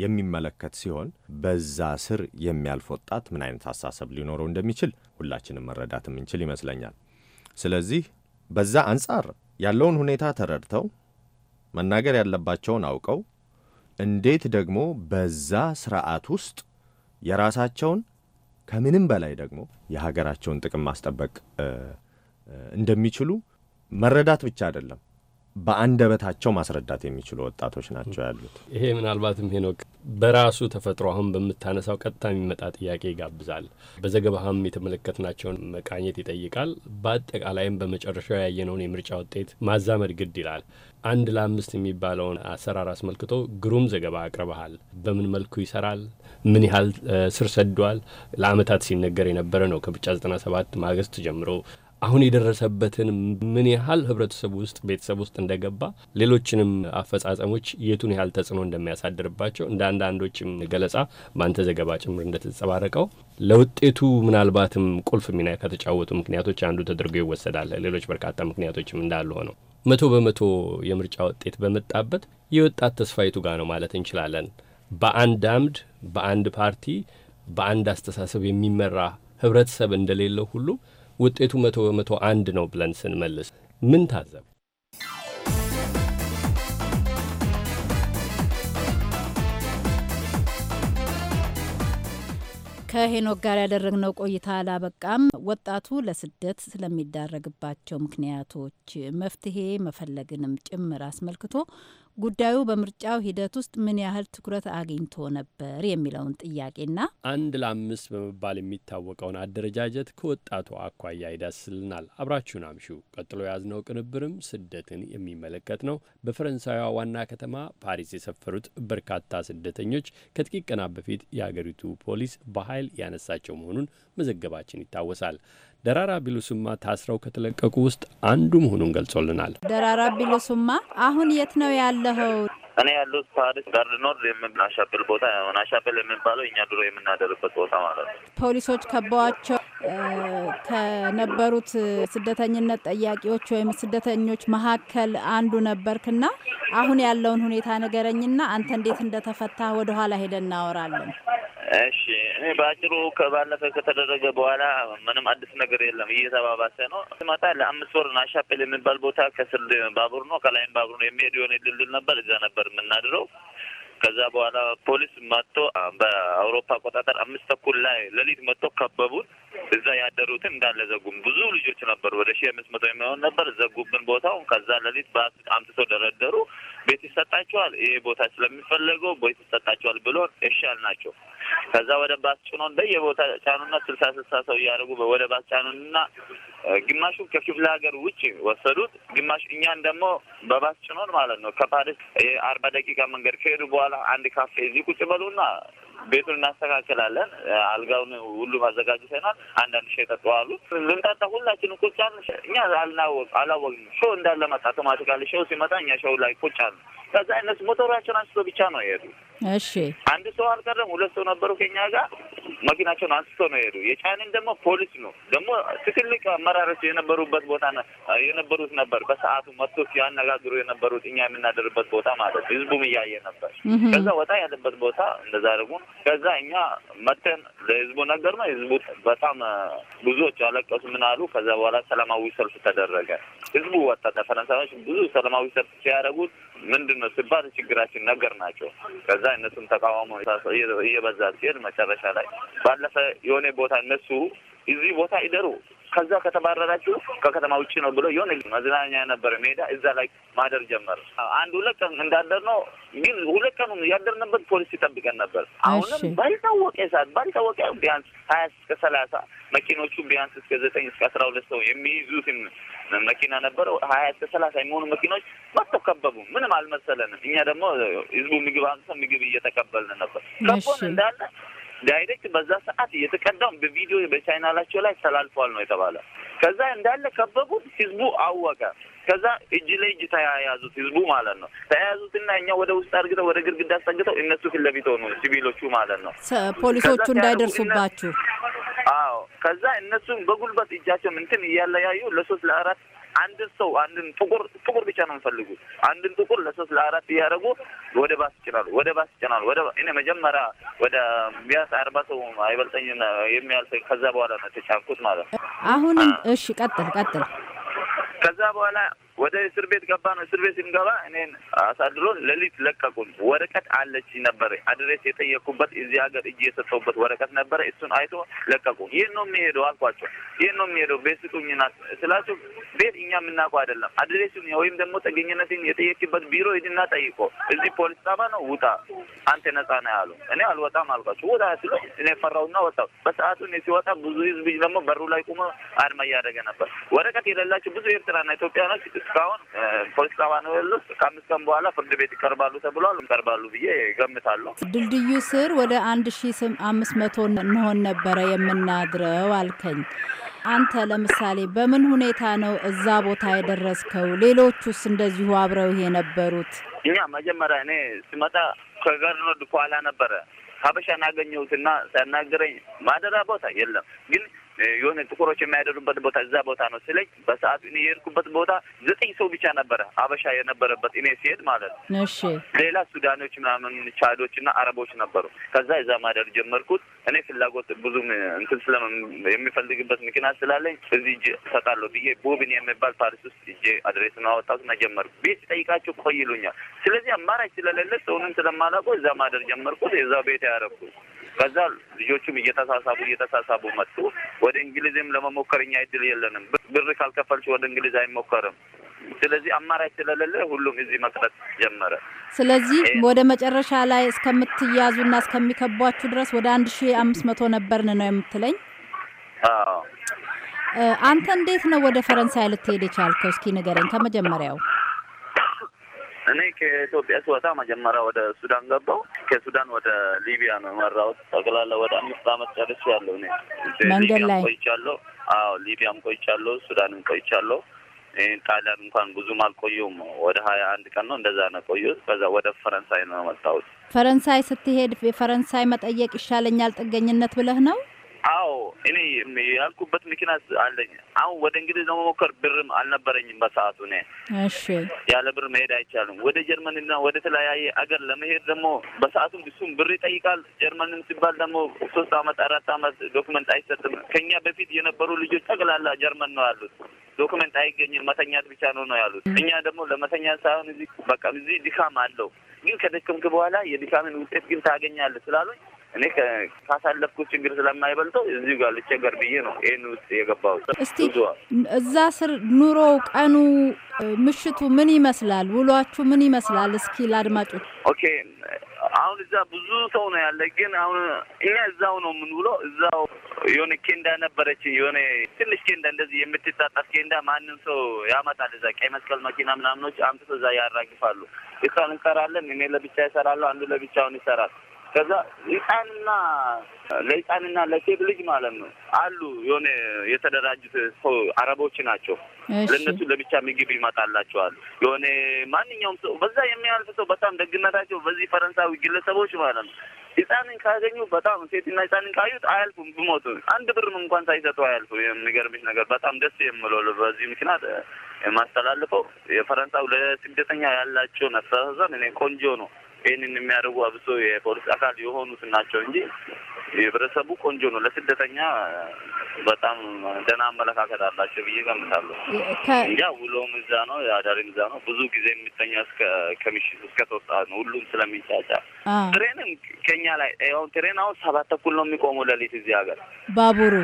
የሚመለከት ሲሆን በዛ ስር የሚያልፍ ወጣት ምን አይነት አሳሰብ ሊኖረው እንደሚችል ሁላችንም መረዳት የምንችል ይመስለኛል። ስለዚህ በዛ አንጻር ያለውን ሁኔታ ተረድተው መናገር ያለባቸውን አውቀው እንዴት ደግሞ በዛ ስርዓት ውስጥ የራሳቸውን ከምንም በላይ ደግሞ የሀገራቸውን ጥቅም ማስጠበቅ እንደሚችሉ መረዳት ብቻ አይደለም በአንደበታቸው ማስረዳት የሚችሉ ወጣቶች ናቸው ያሉት። ይሄ ምናልባትም ሄኖክ በራሱ ተፈጥሮ አሁን በምታነሳው ቀጥታ የሚመጣ ጥያቄ ይጋብዛል። በዘገባህም የተመለከትናቸውን መቃኘት ይጠይቃል። በአጠቃላይም በመጨረሻው ያየነውን የምርጫ ውጤት ማዛመድ ግድ ይላል። አንድ ለአምስት የሚባለውን አሰራር አስመልክቶ ግሩም ዘገባ አቅርበሃል። በምን መልኩ ይሰራል? ምን ያህል ስር ሰዷል? ለአመታት ሲነገር የነበረ ነው። ከብጫ 97 ማግስት ጀምሮ አሁን የደረሰበትን ምን ያህል ህብረተሰቡ ውስጥ ቤተሰብ ውስጥ እንደገባ ሌሎችንም አፈጻጸሞች የቱን ያህል ተጽዕኖ እንደሚያሳድርባቸው እንደ አንዳንዶችም ገለጻ በአንተ ዘገባ ጭምር እንደተንጸባረቀው ለውጤቱ ምናልባትም ቁልፍ ሚና ከተጫወቱ ምክንያቶች አንዱ ተደርጎ ይወሰዳል። ሌሎች በርካታ ምክንያቶችም እንዳሉ ሆነው መቶ በመቶ የምርጫ ውጤት በመጣበት የወጣት ተስፋይቱ ጋር ነው ማለት እንችላለን። በአንድ አምድ፣ በአንድ ፓርቲ፣ በአንድ አስተሳሰብ የሚመራ ህብረተሰብ እንደሌለው ሁሉ ውጤቱ መቶ በመቶ አንድ ነው ብለን ስንመልስ ምን ታዘብ? ከሄኖክ ጋር ያደረግነው ቆይታ አላበቃም። ወጣቱ ለስደት ስለሚዳረግባቸው ምክንያቶች መፍትሄ መፈለግንም ጭምር አስመልክቶ ጉዳዩ በምርጫው ሂደት ውስጥ ምን ያህል ትኩረት አግኝቶ ነበር የሚለውን ጥያቄና አንድ ለአምስት በመባል የሚታወቀውን አደረጃጀት ከወጣቱ አኳያ ይዳስልናል። አብራችሁን አምሹ። ቀጥሎ የያዝነው ቅንብርም ስደትን የሚመለከት ነው። በፈረንሳይዋ ዋና ከተማ ፓሪስ የሰፈሩት በርካታ ስደተኞች ከጥቂት ቀናት በፊት የአገሪቱ ፖሊስ በኃይል ያነሳቸው መሆኑን መዘገባችን ይታወሳል። ደራራ ቢሉስማ ታስረው ከተለቀቁ ውስጥ አንዱ መሆኑን ገልጾልናል። ደራራ ቢሉስማ አሁን የት ነው ያለኸው? እኔ ያለሁት ፓሪስ ጋርድኖር አሻብል ቦታ ሆን አሻብል የሚባለው እኛ ድሮ የምናደርበት ቦታ ማለት ነው። ፖሊሶች ከበዋቸው ከነበሩት ስደተኝነት ጠያቂዎች ወይም ስደተኞች መካከል አንዱ ነበርክና አሁን ያለውን ሁኔታ ንገረኝና አንተ እንዴት እንደተፈታ ወደኋላ ሄደን እናወራለን። እሺ እኔ በአጭሩ ከባለፈ ከተደረገ በኋላ ምንም አዲስ ነገር የለም፣ እየተባባሰ ነው። ስመጣ ለአምስት ወር አሻፔል የሚባል ቦታ ከስር ባቡር ነው ከላይም ባቡር ነው የሚሄድ የሆነ ድልድል ነበር፣ እዛ ነበር ነበር የምናድረው። ከዛ በኋላ ፖሊስ መጥቶ በአውሮፓ አቆጣጠር አምስት ተኩል ላይ ሌሊት መጥቶ ከበቡን። እዛ ያደሩትን እንዳለ ዘጉም። ብዙ ልጆች ነበሩ፣ ወደ ሺህ አምስት መቶ የሚሆን ነበር። ዘጉብን ቦታውን። ከዛ ሌሊት በአስ አምጥቶ ደረደሩ። ቤት ይሰጣቸዋል፣ ይሄ ቦታ ስለሚፈለገው ቤት ይሰጣቸዋል ብሎ እሺ አልናቸው። ከዛ ወደ ባስ ጭኖን በየቦታ ጫኑና ስልሳ ስልሳ ሰው እያደረጉ ወደ ባስ ጫኑና ግማሹ ከክፍለ ሀገር ውጭ ወሰዱት። ግማሽ እኛን ደግሞ በባስ ጭኖን ማለት ነው ከፓሪስ የአርባ ደቂቃ መንገድ ከሄዱ በኋላ አንድ ካፌ እዚህ ቁጭ በሉና ቤቱን እናስተካክላለን። አልጋውን ሁሉ አዘጋጅተናል። አንዳንድ ሻይ ጠጡ አሉ። ልንጠጣ ሁላችን ቁጭ አልን። እኛ አልናወቅ አላወቅም። ሸው እንዳለ መጣ። አውቶማቲካሊ ሾው ሲመጣ እኛ ሸው ላይ ቁጭ አልን። ከዛ እነሱ ሞተራቸውን አንስቶ ብቻ ነው የሄዱ እሺ አንድ ሰው አልቀረም፣ ሁለት ሰው ነበሩ ከኛ ጋር መኪናቸውን አንስቶ ነው የሄዱ። የቻይንን ደግሞ ፖሊስ ነው ደግሞ ትልቅ አመራሮች የነበሩበት ቦታ የነበሩት ነበር። በሰዓቱ መጥቶ ሲያነጋግሩ የነበሩት እኛ የምናደርበት ቦታ ማለት ህዝቡም እያየ ነበር። ከዛ ወጣ ያለበት ቦታ እንደዛ ደግሞ ከዛ እኛ መተን ለህዝቡ ነገር ነው። ህዝቡ በጣም ብዙዎች አለቀሱ፣ ምን አሉ። ከዛ በኋላ ሰላማዊ ሰልፍ ተደረገ። ህዝቡ ወጣት ፈረንሳዮች ብዙ ሰላማዊ ሰልፍ ሲያደርጉት ምንድን ነው ሲባል ችግራችን ነገር ናቸው። ከዛ እነሱም ተቃውሞ እየበዛ ሲሄድ መጨረሻ ላይ ባለፈ የሆነ ቦታ እነሱ እዚህ ቦታ ይደሩ ከዛ ከተባረራችሁ ከከተማ ውጭ ነው ብሎ የሆነ መዝናኛ የነበረ ሜዳ እዛ ላይ ማደር ጀመር። አንድ ሁለት ቀን እንዳደር ነው ግን ሁለት ቀኑ ያደርንበት ፖሊስ ይጠብቀን ነበር። አሁንም ባልታወቀ ሰዓት ባልታወቀ ቢያንስ ሀያ እስከ ሰላሳ መኪኖቹ ቢያንስ እስከ ዘጠኝ እስከ አስራ ሁለት ሰው የሚይዙትን መኪና ነበረው ሀያ እስከ ሰላሳ የሚሆኑ መኪናዎች መጥቶ ከበቡ። ምንም አልመሰለንም። እኛ ደግሞ ህዝቡ ምግብ አንሰ ምግብ እየተቀበልን ነበር ከቦን እንዳለ ዳይሬክት በዛ ሰዓት የተቀዳውን በቪዲዮ በቻይናላቸው ላይ ተላልፏል ነው የተባለ። ከዛ እንዳለ ከበቡት፣ ህዝቡ አወቀ። ከዛ እጅ ለእጅ ተያያዙት፣ ህዝቡ ማለት ነው። ተያያዙትና እኛ ወደ ውስጥ አድርግተው ወደ ግድግዳ አስጠግተው እነሱ ፊት ለፊት ሆኑ፣ ሲቪሎቹ ማለት ነው። ፖሊሶቹ እንዳይደርሱባችሁ። አዎ። ከዛ እነሱም በጉልበት እጃቸው እንትን እያለያዩ ለሶስት ለአራት አንድን ሰው አንድን ጥቁር ጥቁር ብቻ ነው የምፈልጉት። አንድን ጥቁር ለሶስት ለአራት እያደረጉ ወደ ባስ ይችላሉ፣ ወደ ባስ ይጭናሉ። ወደ እኔ መጀመሪያ ወደ ቢያንስ አርባ ሰው አይበልጠኝ የሚያልፈ ከዛ በኋላ ነው የተቻልኩት ማለት ነው። አሁንም እሺ፣ ቀጥል ቀጥል። ከዛ በኋላ ወደ እስር ቤት ገባ ነው። እስር ቤት ስንገባ እኔን አሳድሮ ሌሊት ለቀቁን። ወረቀት አለች ነበር አድሬስ የጠየቅኩበት እዚህ ሀገር እጅ የሰጠሁበት ወረቀት ነበረ። እሱን አይቶ ለቀቁን። ይህን ነው የሚሄደው አልኳቸው። ይህን ነው የሚሄደው ቤት ስጡኝና ስላቸው ቤት እኛ የምናውቀው አይደለም። አድሬሱን ወይም ደግሞ ጥገኝነትን የጠየቅበት ቢሮ ሂድና ጠይቆ እዚህ ፖሊስ ጣባ ነው ውጣ፣ አንተ ነጻ ነው ያሉ። እኔ አልወጣም አልኳቸው። ውጣ ስሎ እኔ ፈራውና ወጣው። በሰዓቱ እኔ ሲወጣ ብዙ ህዝብ ደግሞ በሩ ላይ ቁመ አድማ እያደረገ ነበር። ወረቀት የሌላቸው ብዙ ኤርትራና ኢትዮጵያ ናቸው እስካሁን ፖሊስ ጣባ ነው ያሉት። ከአምስት ቀን በኋላ ፍርድ ቤት ይቀርባሉ ተብሏል። ይቀርባሉ ብዬ ይገምታሉ። ድልድዩ ስር ወደ አንድ ሺ አምስት መቶ እንሆን ነበረ የምናድረው አልከኝ። አንተ ለምሳሌ በምን ሁኔታ ነው እዛ ቦታ የደረስከው? ሌሎቹስ እንደዚሁ አብረው ይሄ ነበሩት? እኛ መጀመሪያ እኔ ስመጣ ከጋርኖድ ኋላ ነበረ ሀበሻን አገኘሁትና ሲያናገረኝ ማደራ ቦታ የለም ግን የሆነ ጥቁሮች የሚያደሩበት ቦታ እዛ ቦታ ነው ስለኝ፣ በሰዓቱ እኔ የሄድኩበት ቦታ ዘጠኝ ሰው ብቻ ነበረ አበሻ የነበረበት እኔ ሲሄድ ማለት ነው። ሌላ ሱዳኖች ምናምን ቻዶች እና አረቦች ነበሩ። ከዛ እዛ ማደር ጀመርኩት። እኔ ፍላጎት ብዙም እንትን ስለ የሚፈልግበት ምክንያት ስላለኝ እዚህ እጅ እሰጣለሁ ብዬ ቦብን የሚባል ፓሪስ ውስጥ እጄ አድሬስ ነው አወጣሁት እና ጀመርኩ። ቤት ጠይቃቸው ቆይ ይሉኛል። ስለዚህ አማራጭ ስለሌለ ሰውንም ስለማላውቀው እዛ ማደር ጀመርኩት። የዛው ቤት ያረኩ። ከዛ ልጆቹም እየተሳሳቡ እየተሳሳቡ መጡ። ወደ እንግሊዝም ለመሞከር እኛ እድል የለንም። ብር ካልከፈልች ወደ እንግሊዝ አይሞከርም። ስለዚህ አማራጭ ስለሌለ ሁሉም እዚህ መቅረት ጀመረ። ስለዚህ ወደ መጨረሻ ላይ እስከምትያዙና እስከሚከቧችሁ ድረስ ወደ አንድ ሺ አምስት መቶ ነበርን ነው የምትለኝ? አንተ እንዴት ነው ወደ ፈረንሳይ ልትሄድ የቻልከው? እስኪ ንገረኝ ከመጀመሪያው እኔ ከኢትዮጵያ ስወጣ መጀመሪያ ወደ ሱዳን ገባው። ከሱዳን ወደ ሊቢያ ነው መራሁት። ጠቅላላ ወደ አምስት አመት ጨርሼ ያለው እኔ መንገድ ላይ ቆይቻለሁ። አዎ ሊቢያም ቆይቻለሁ፣ ሱዳንም ቆይቻለሁ። ጣሊያን እንኳን ብዙም አልቆየሁም። ወደ ሀያ አንድ ቀን ነው እንደዛ ነው ቆየሁት። ከዛ ወደ ፈረንሳይ ነው መጣሁት። ፈረንሳይ ስትሄድ የፈረንሳይ መጠየቅ ይሻለኛል ጥገኝነት ብለህ ነው አዎ እኔ ያልኩበት ምክንያት አለኝ። አሁን ወደ እንግሊዝ ለመሞከር ብርም አልነበረኝም በሰዓቱ ነ እሺ፣ ያለ ብር መሄድ አይቻልም። ወደ ጀርመንና ወደ ተለያየ አገር ለመሄድ ደግሞ በሰዓቱ እሱም ብር ይጠይቃል። ጀርመንም ሲባል ደግሞ ሶስት አመት አራት አመት ዶክመንት አይሰጥም። ከኛ በፊት የነበሩ ልጆች ጠቅላላ ጀርመን ነው ያሉት። ዶክመንት አይገኝም፣ መተኛት ብቻ ነው ነው ያሉት። እኛ ደግሞ ለመተኛት ሳይሆን እዚህ በቃ እዚህ ድካም አለው፣ ግን ከደከምክ በኋላ የድካምን ውጤት ግን ታገኛለህ ስላሉኝ እኔ ካሳለፍኩት ችግር ስለማይበልጠው እዚሁ ጋር ልቸገር ብዬ ነው ይህን ውስጥ የገባሁት። እስቲ እዛ ስር ኑሮ ቀኑ ምሽቱ ምን ይመስላል? ውሏችሁ ምን ይመስላል? እስኪ ለአድማጮች። ኦኬ አሁን እዛ ብዙ ሰው ነው ያለ፣ ግን አሁን እኛ እዛው ነው የምንውለው። እዛው የሆነ ኬንዳ ነበረች፣ የሆነ ትንሽ ኬንዳ እንደዚህ የምትታጠፍ ኬንዳ፣ ማንም ሰው ያመጣል። እዛ ቀይ መስቀል መኪና ምናምኖች አምጥቶ እዛ ያራግፋሉ። እሷን እንሰራለን። እኔ ለብቻ ይሰራለሁ፣ አንዱ ለብቻውን ይሰራል። ከዛ ህፃንና ለህፃንና ለሴት ልጅ ማለት ነው አሉ የሆነ የተደራጁት ሰው አረቦች ናቸው። ለእነሱ ለብቻ ምግብ ይመጣላቸዋል። የሆነ ማንኛውም ሰው በዛ የሚያልፍ ሰው በጣም ደግነታቸው በዚህ ፈረንሳዊ ግለሰቦች ማለት ነው ህፃንን ካገኙ በጣም ሴትና ህፃንን ካዩት አያልፉም። ብሞቱ አንድ ብርም እንኳን ሳይሰጡ አያልፉ። የሚገርምሽ ነገር በጣም ደስ የምለው በዚህ ምክንያት የማስተላልፈው የፈረንሳው ለስደተኛ ያላቸውን አስተሳሰብ እኔ ቆንጆ ነው። ይህንን የሚያደርጉ አብሶ የፖሊስ አካል የሆኑት ናቸው እንጂ የህብረተሰቡ ቆንጆ ነው። ለስደተኛ በጣም ደህና አመለካከት አላቸው ብዬ ገምታለሁ። እንጃ ውሎም እዛ ነው፣ የአዳሪም እዛ ነው። ብዙ ጊዜ የሚተኛ እስከ ከምሽት እስከ ተወጣ ነው። ሁሉም ስለሚጫጫ ትሬንም ከኛ ላይ ሁን ትሬን አሁን ሰባት ተኩል ነው የሚቆመው ሌሊት እዚህ ሀገር ባቡሩ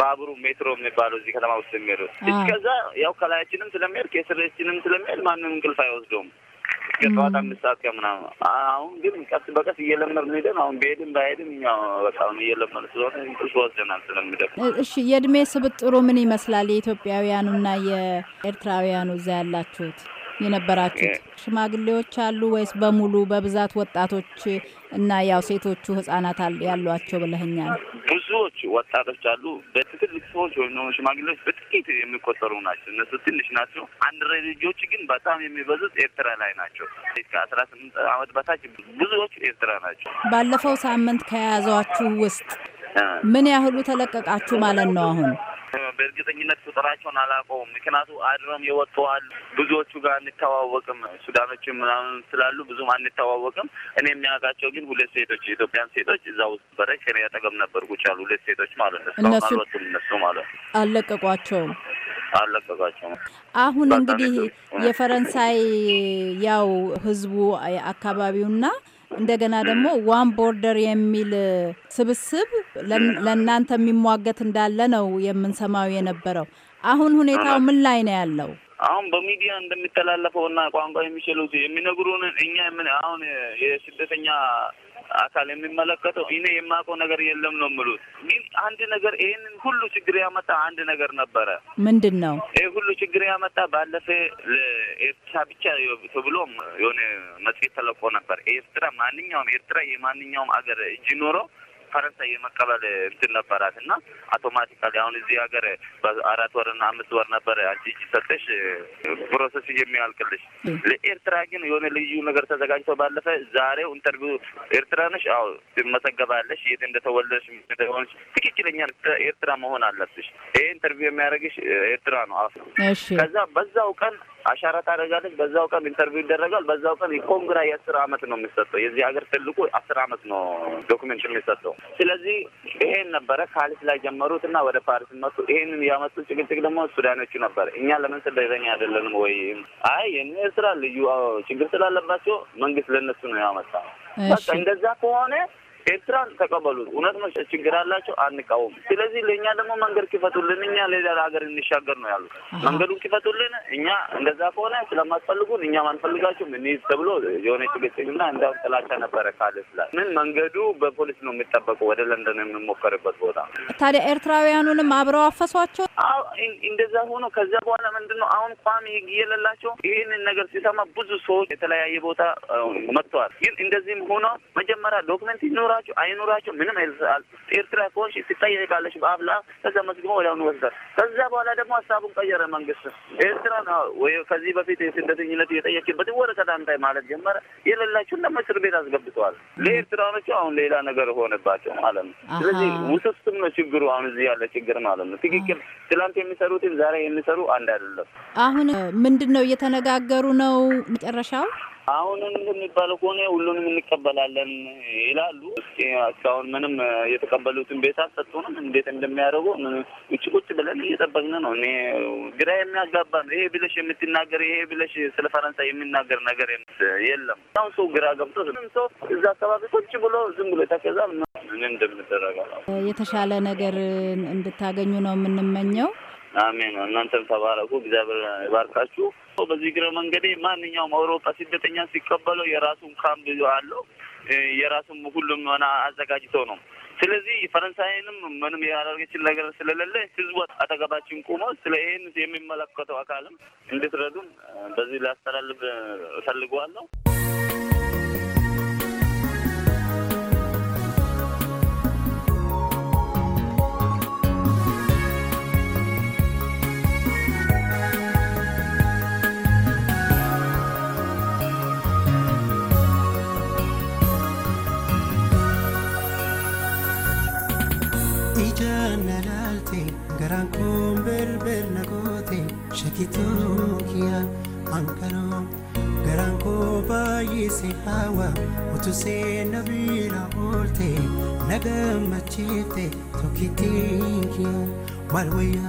ባቡሩ ሜትሮ የሚባለው እዚህ ከተማ ውስጥ የሚሄዱ እስከዛ ያው ከላያችንም ስለሚሄድ ከስሬችንም ስለሚሄድ ማንም እንቅልፍ አይወስደውም። ከጠዋት አምስት ሰዓት ከምናምን አሁን ግን ቀስ በቀስ እየለመድን ሄደን አሁን በሄድም ባሄድም ያው በቃ አሁን እየለመድን ስለሆነ እንቅልፍ ወስደናል ስለሚደፍ። እሺ የእድሜ ስብጥሩ ምን ይመስላል? የኢትዮጵያውያኑና የኤርትራውያኑ እዛ ያላችሁት የነበራችሁት ሽማግሌዎች አሉ ወይስ በሙሉ በብዛት ወጣቶች እና ያው ሴቶቹ ህጻናት ያሏቸው ብለኸኛል? ብዙ ብዙዎች ወጣቶች አሉ። በትልልቅ ሰዎች ወይም ደግሞ ሽማግሌዎች በጥቂት የሚቆጠሩ ናቸው። እነሱ ትንሽ ናቸው። አንድ ልጆች ግን በጣም የሚበዙት ኤርትራ ላይ ናቸው። ከአስራ ስምንት ዓመት በታች ብዙዎች ኤርትራ ናቸው። ባለፈው ሳምንት ከያዟችሁ ውስጥ ምን ያህሉ ተለቀቃችሁ ማለት ነው አሁን? በእርግጠኝነት ቁጥራቸውን አላውቀውም። ምክንያቱ አድረም የወጥተዋል ብዙዎቹ ጋር አንተዋወቅም፣ ሱዳኖች ምናምን ስላሉ ብዙም አንተዋወቅም። እኔ የሚያውቃቸው ግን ሁለት ሴቶች የኢትዮጵያን ሴቶች እዛ ውስጥ በረክ እኔ አጠገብ ነበር ቁጭ ያሉ ሁለት ሴቶች ማለት ነው። እነሱ አልወጡም፣ እነሱ ማለት ነው። አልለቀቋቸውም፣ አልለቀቋቸውም። አሁን እንግዲህ የፈረንሳይ ያው ህዝቡ አካባቢውና እንደገና ደግሞ ዋን ቦርደር የሚል ስብስብ ለእናንተ የሚሟገት እንዳለ ነው የምንሰማው የነበረው። አሁን ሁኔታው ምን ላይ ነው ያለው? አሁን በሚዲያ እንደሚተላለፈው እና ቋንቋ የሚችሉት የሚነግሩን እኛ አሁን የስደተኛ አካል የሚመለከተው እኔ የማውቀው ነገር የለም ነው የምሉት። ግን አንድ ነገር ይህንን ሁሉ ችግር ያመጣ አንድ ነገር ነበረ። ምንድን ነው ይህ ሁሉ ችግር ያመጣ? ባለፈ ለኤርትራ ብቻ ተብሎም የሆነ መጽሔት ተለቆ ነበር። ኤርትራ ማንኛውም ኤርትራ የማንኛውም አገር እጅ ኖረው ፈረንሳይ የመቀበል እንትን ነበራት እና አውቶማቲካሊ አሁን እዚህ ሀገር በአራት ወርና አምስት ወር ነበር አንቺ እጅ ሰጥተሽ ፕሮሰስ የሚያልቅልሽ። ለኤርትራ ግን የሆነ ልዩ ነገር ተዘጋጅቶ ባለፈ ዛሬው ኢንተርቪው ኤርትራ ነሽ፣ አዎ ትመሰገባለሽ፣ የት እንደተወለደሽ ሆነች ትክክለኛ ኤርትራ መሆን አለብሽ። ይሄ ኢንተርቪው የሚያደርግሽ ኤርትራ ነው። አፍ ከዛ በዛው ቀን አሻራ ታደርጋለች። በዛው ቀን ኢንተርቪው ይደረጋል። በዛው ቀን ኮንግራ የአስር አመት ነው የሚሰጠው። የዚህ ሀገር ትልቁ አስር አመት ነው ዶኩሜንት የሚሰጠው። ስለዚህ ይሄን ነበረ ካሊስ ላይ ጀመሩት እና ወደ ፓሪስ መጡ። ይሄን ያመጡ ጭቅጭቅ ደግሞ ሱዳኖቹ ነበረ። እኛ ለምን ስደተኛ አይደለንም ወይ? አይ የኔ ስራ ልዩ ችግር ስላለባቸው መንግስት ለነሱ ነው ያመጣ። በቃ እንደዛ ከሆነ ኤርትራን ተቀበሉት። እውነት ነው ችግር አላቸው፣ አንቃወም። ስለዚህ ለእኛ ደግሞ መንገድ ክፈቱልን፣ እኛ ሌላ ሀገር እንሻገር ነው ያሉት። መንገዱን ክፈቱልን፣ እኛ እንደዛ ከሆነ ስለማስፈልጉን እኛ ማንፈልጋቸውም እንሂድ ተብሎ የሆነ ጭቅጭቅና እንዳሁን ጥላቻ ነበረ ካለ ስላ ምን መንገዱ በፖሊስ ነው የሚጠበቀው ወደ ለንደን የምንሞከርበት ቦታ። ታዲያ ኤርትራውያኑንም አብረው አፈሷቸው። እንደዛ ሆኖ ከዚያ በኋላ ምንድን ነው አሁን ቋሚ ህግ የሌላቸው ይህንን ነገር ሲሰማ ብዙ ሰዎች የተለያየ ቦታ መጥተዋል። ግን እንደዚህም ሆኖ መጀመሪያ ዶክመንት ይኖራል ይኑራችሁ አይኑራቸው ምንም ኤርትራ ከሆንሽ ትጠየቃለሽ በአብላ ከዛ መስግሞ ወዲያውኑ ወሰደ። ከዛ በኋላ ደግሞ ሀሳቡን ቀየረ መንግስት ኤርትራ ወይ ከዚህ በፊት የስደተኝነት እየጠየችበት ወደ ቀዳምታይ ማለት ጀመረ። የሌላችሁን ደግሞ እስር ቤት አስገብተዋል። ለኤርትራኖቹ አሁን ሌላ ነገር ሆነባቸው ማለት ነው። ስለዚህ ውስብስብ ነው ችግሩ አሁን እዚህ ያለ ችግር ማለት ነው። ትክክል ትላንት የሚሰሩትን ዛሬ የሚሰሩ አንድ አይደለም። አሁን ምንድን ነው እየተነጋገሩ ነው መጨረሻው አሁንም የሚባለው ከሆነ ሁሉንም እንቀበላለን ይላሉ። እስካሁን ምንም የተቀበሉትን ቤት አልሰጡንም። እንዴት እንደሚያደርጉ ውጭ ቁጭ ብለን እየጠበቅን ነው። እኔ ግራ የሚያጋባ ነው። ይሄ ብለሽ የምትናገር ይሄ ብለሽ ስለ ፈረንሳይ የሚናገር ነገር የለም። አሁን ሰው ግራ ገብቶ ሰው እዛ አካባቢ ቁጭ ብሎ ዝም ብሎ ተከዛል። ምን እንደምደረገው የተሻለ ነገር እንድታገኙ ነው የምንመኘው። አሜን። እናንተም ተባረኩ። እግዚአብሔር ይባርካችሁ። በዚህ እግረ መንገዴ ማንኛውም አውሮፓ ስደተኛ ሲቀበለው የራሱን ካምፕ አለው የራሱም ሁሉም ሆነ አዘጋጅተው ነው። ስለዚህ ፈረንሳይንም ምንም ያደረገችን ነገር ስለሌለ ህዝቡ አጠገባችን ቁሞ ስለ ይህን የሚመለከተው አካልም እንድትረዱም በዚህ ላስተላልፍ እፈልገዋለሁ። right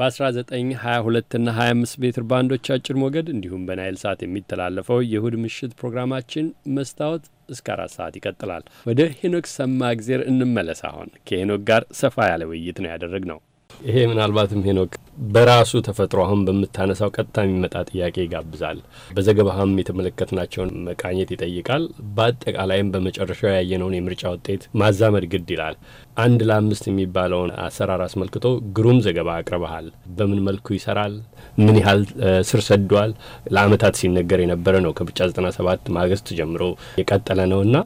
በ1922 እና 25 ሜትር ባንዶች አጭር ሞገድ እንዲሁም በናይል ሳት የሚተላለፈው የእሁድ ምሽት ፕሮግራማችን መስታወት እስከ አራት ሰዓት ይቀጥላል። ወደ ሄኖክ ሰማ እግዜር እንመለስ። አሁን ከሄኖክ ጋር ሰፋ ያለ ውይይት ነው ያደረግ ነው። ይሄ ምናልባትም ሄኖክ በራሱ ተፈጥሮ አሁን በምታነሳው ቀጥታ የሚመጣ ጥያቄ ይጋብዛል። በዘገባህም የተመለከትናቸውን መቃኘት ይጠይቃል። በአጠቃላይም በመጨረሻው ያየነውን የምርጫ ውጤት ማዛመድ ግድ ይላል። አንድ ለአምስት የሚባለውን አሰራር አስመልክቶ ግሩም ዘገባ አቅርበሃል። በምን መልኩ ይሰራል? ምን ያህል ስር ሰዷል? ለአመታት ሲነገር የነበረ ነው። ከምርጫ ሰባት ማግስት ጀምሮ የቀጠለ ነውና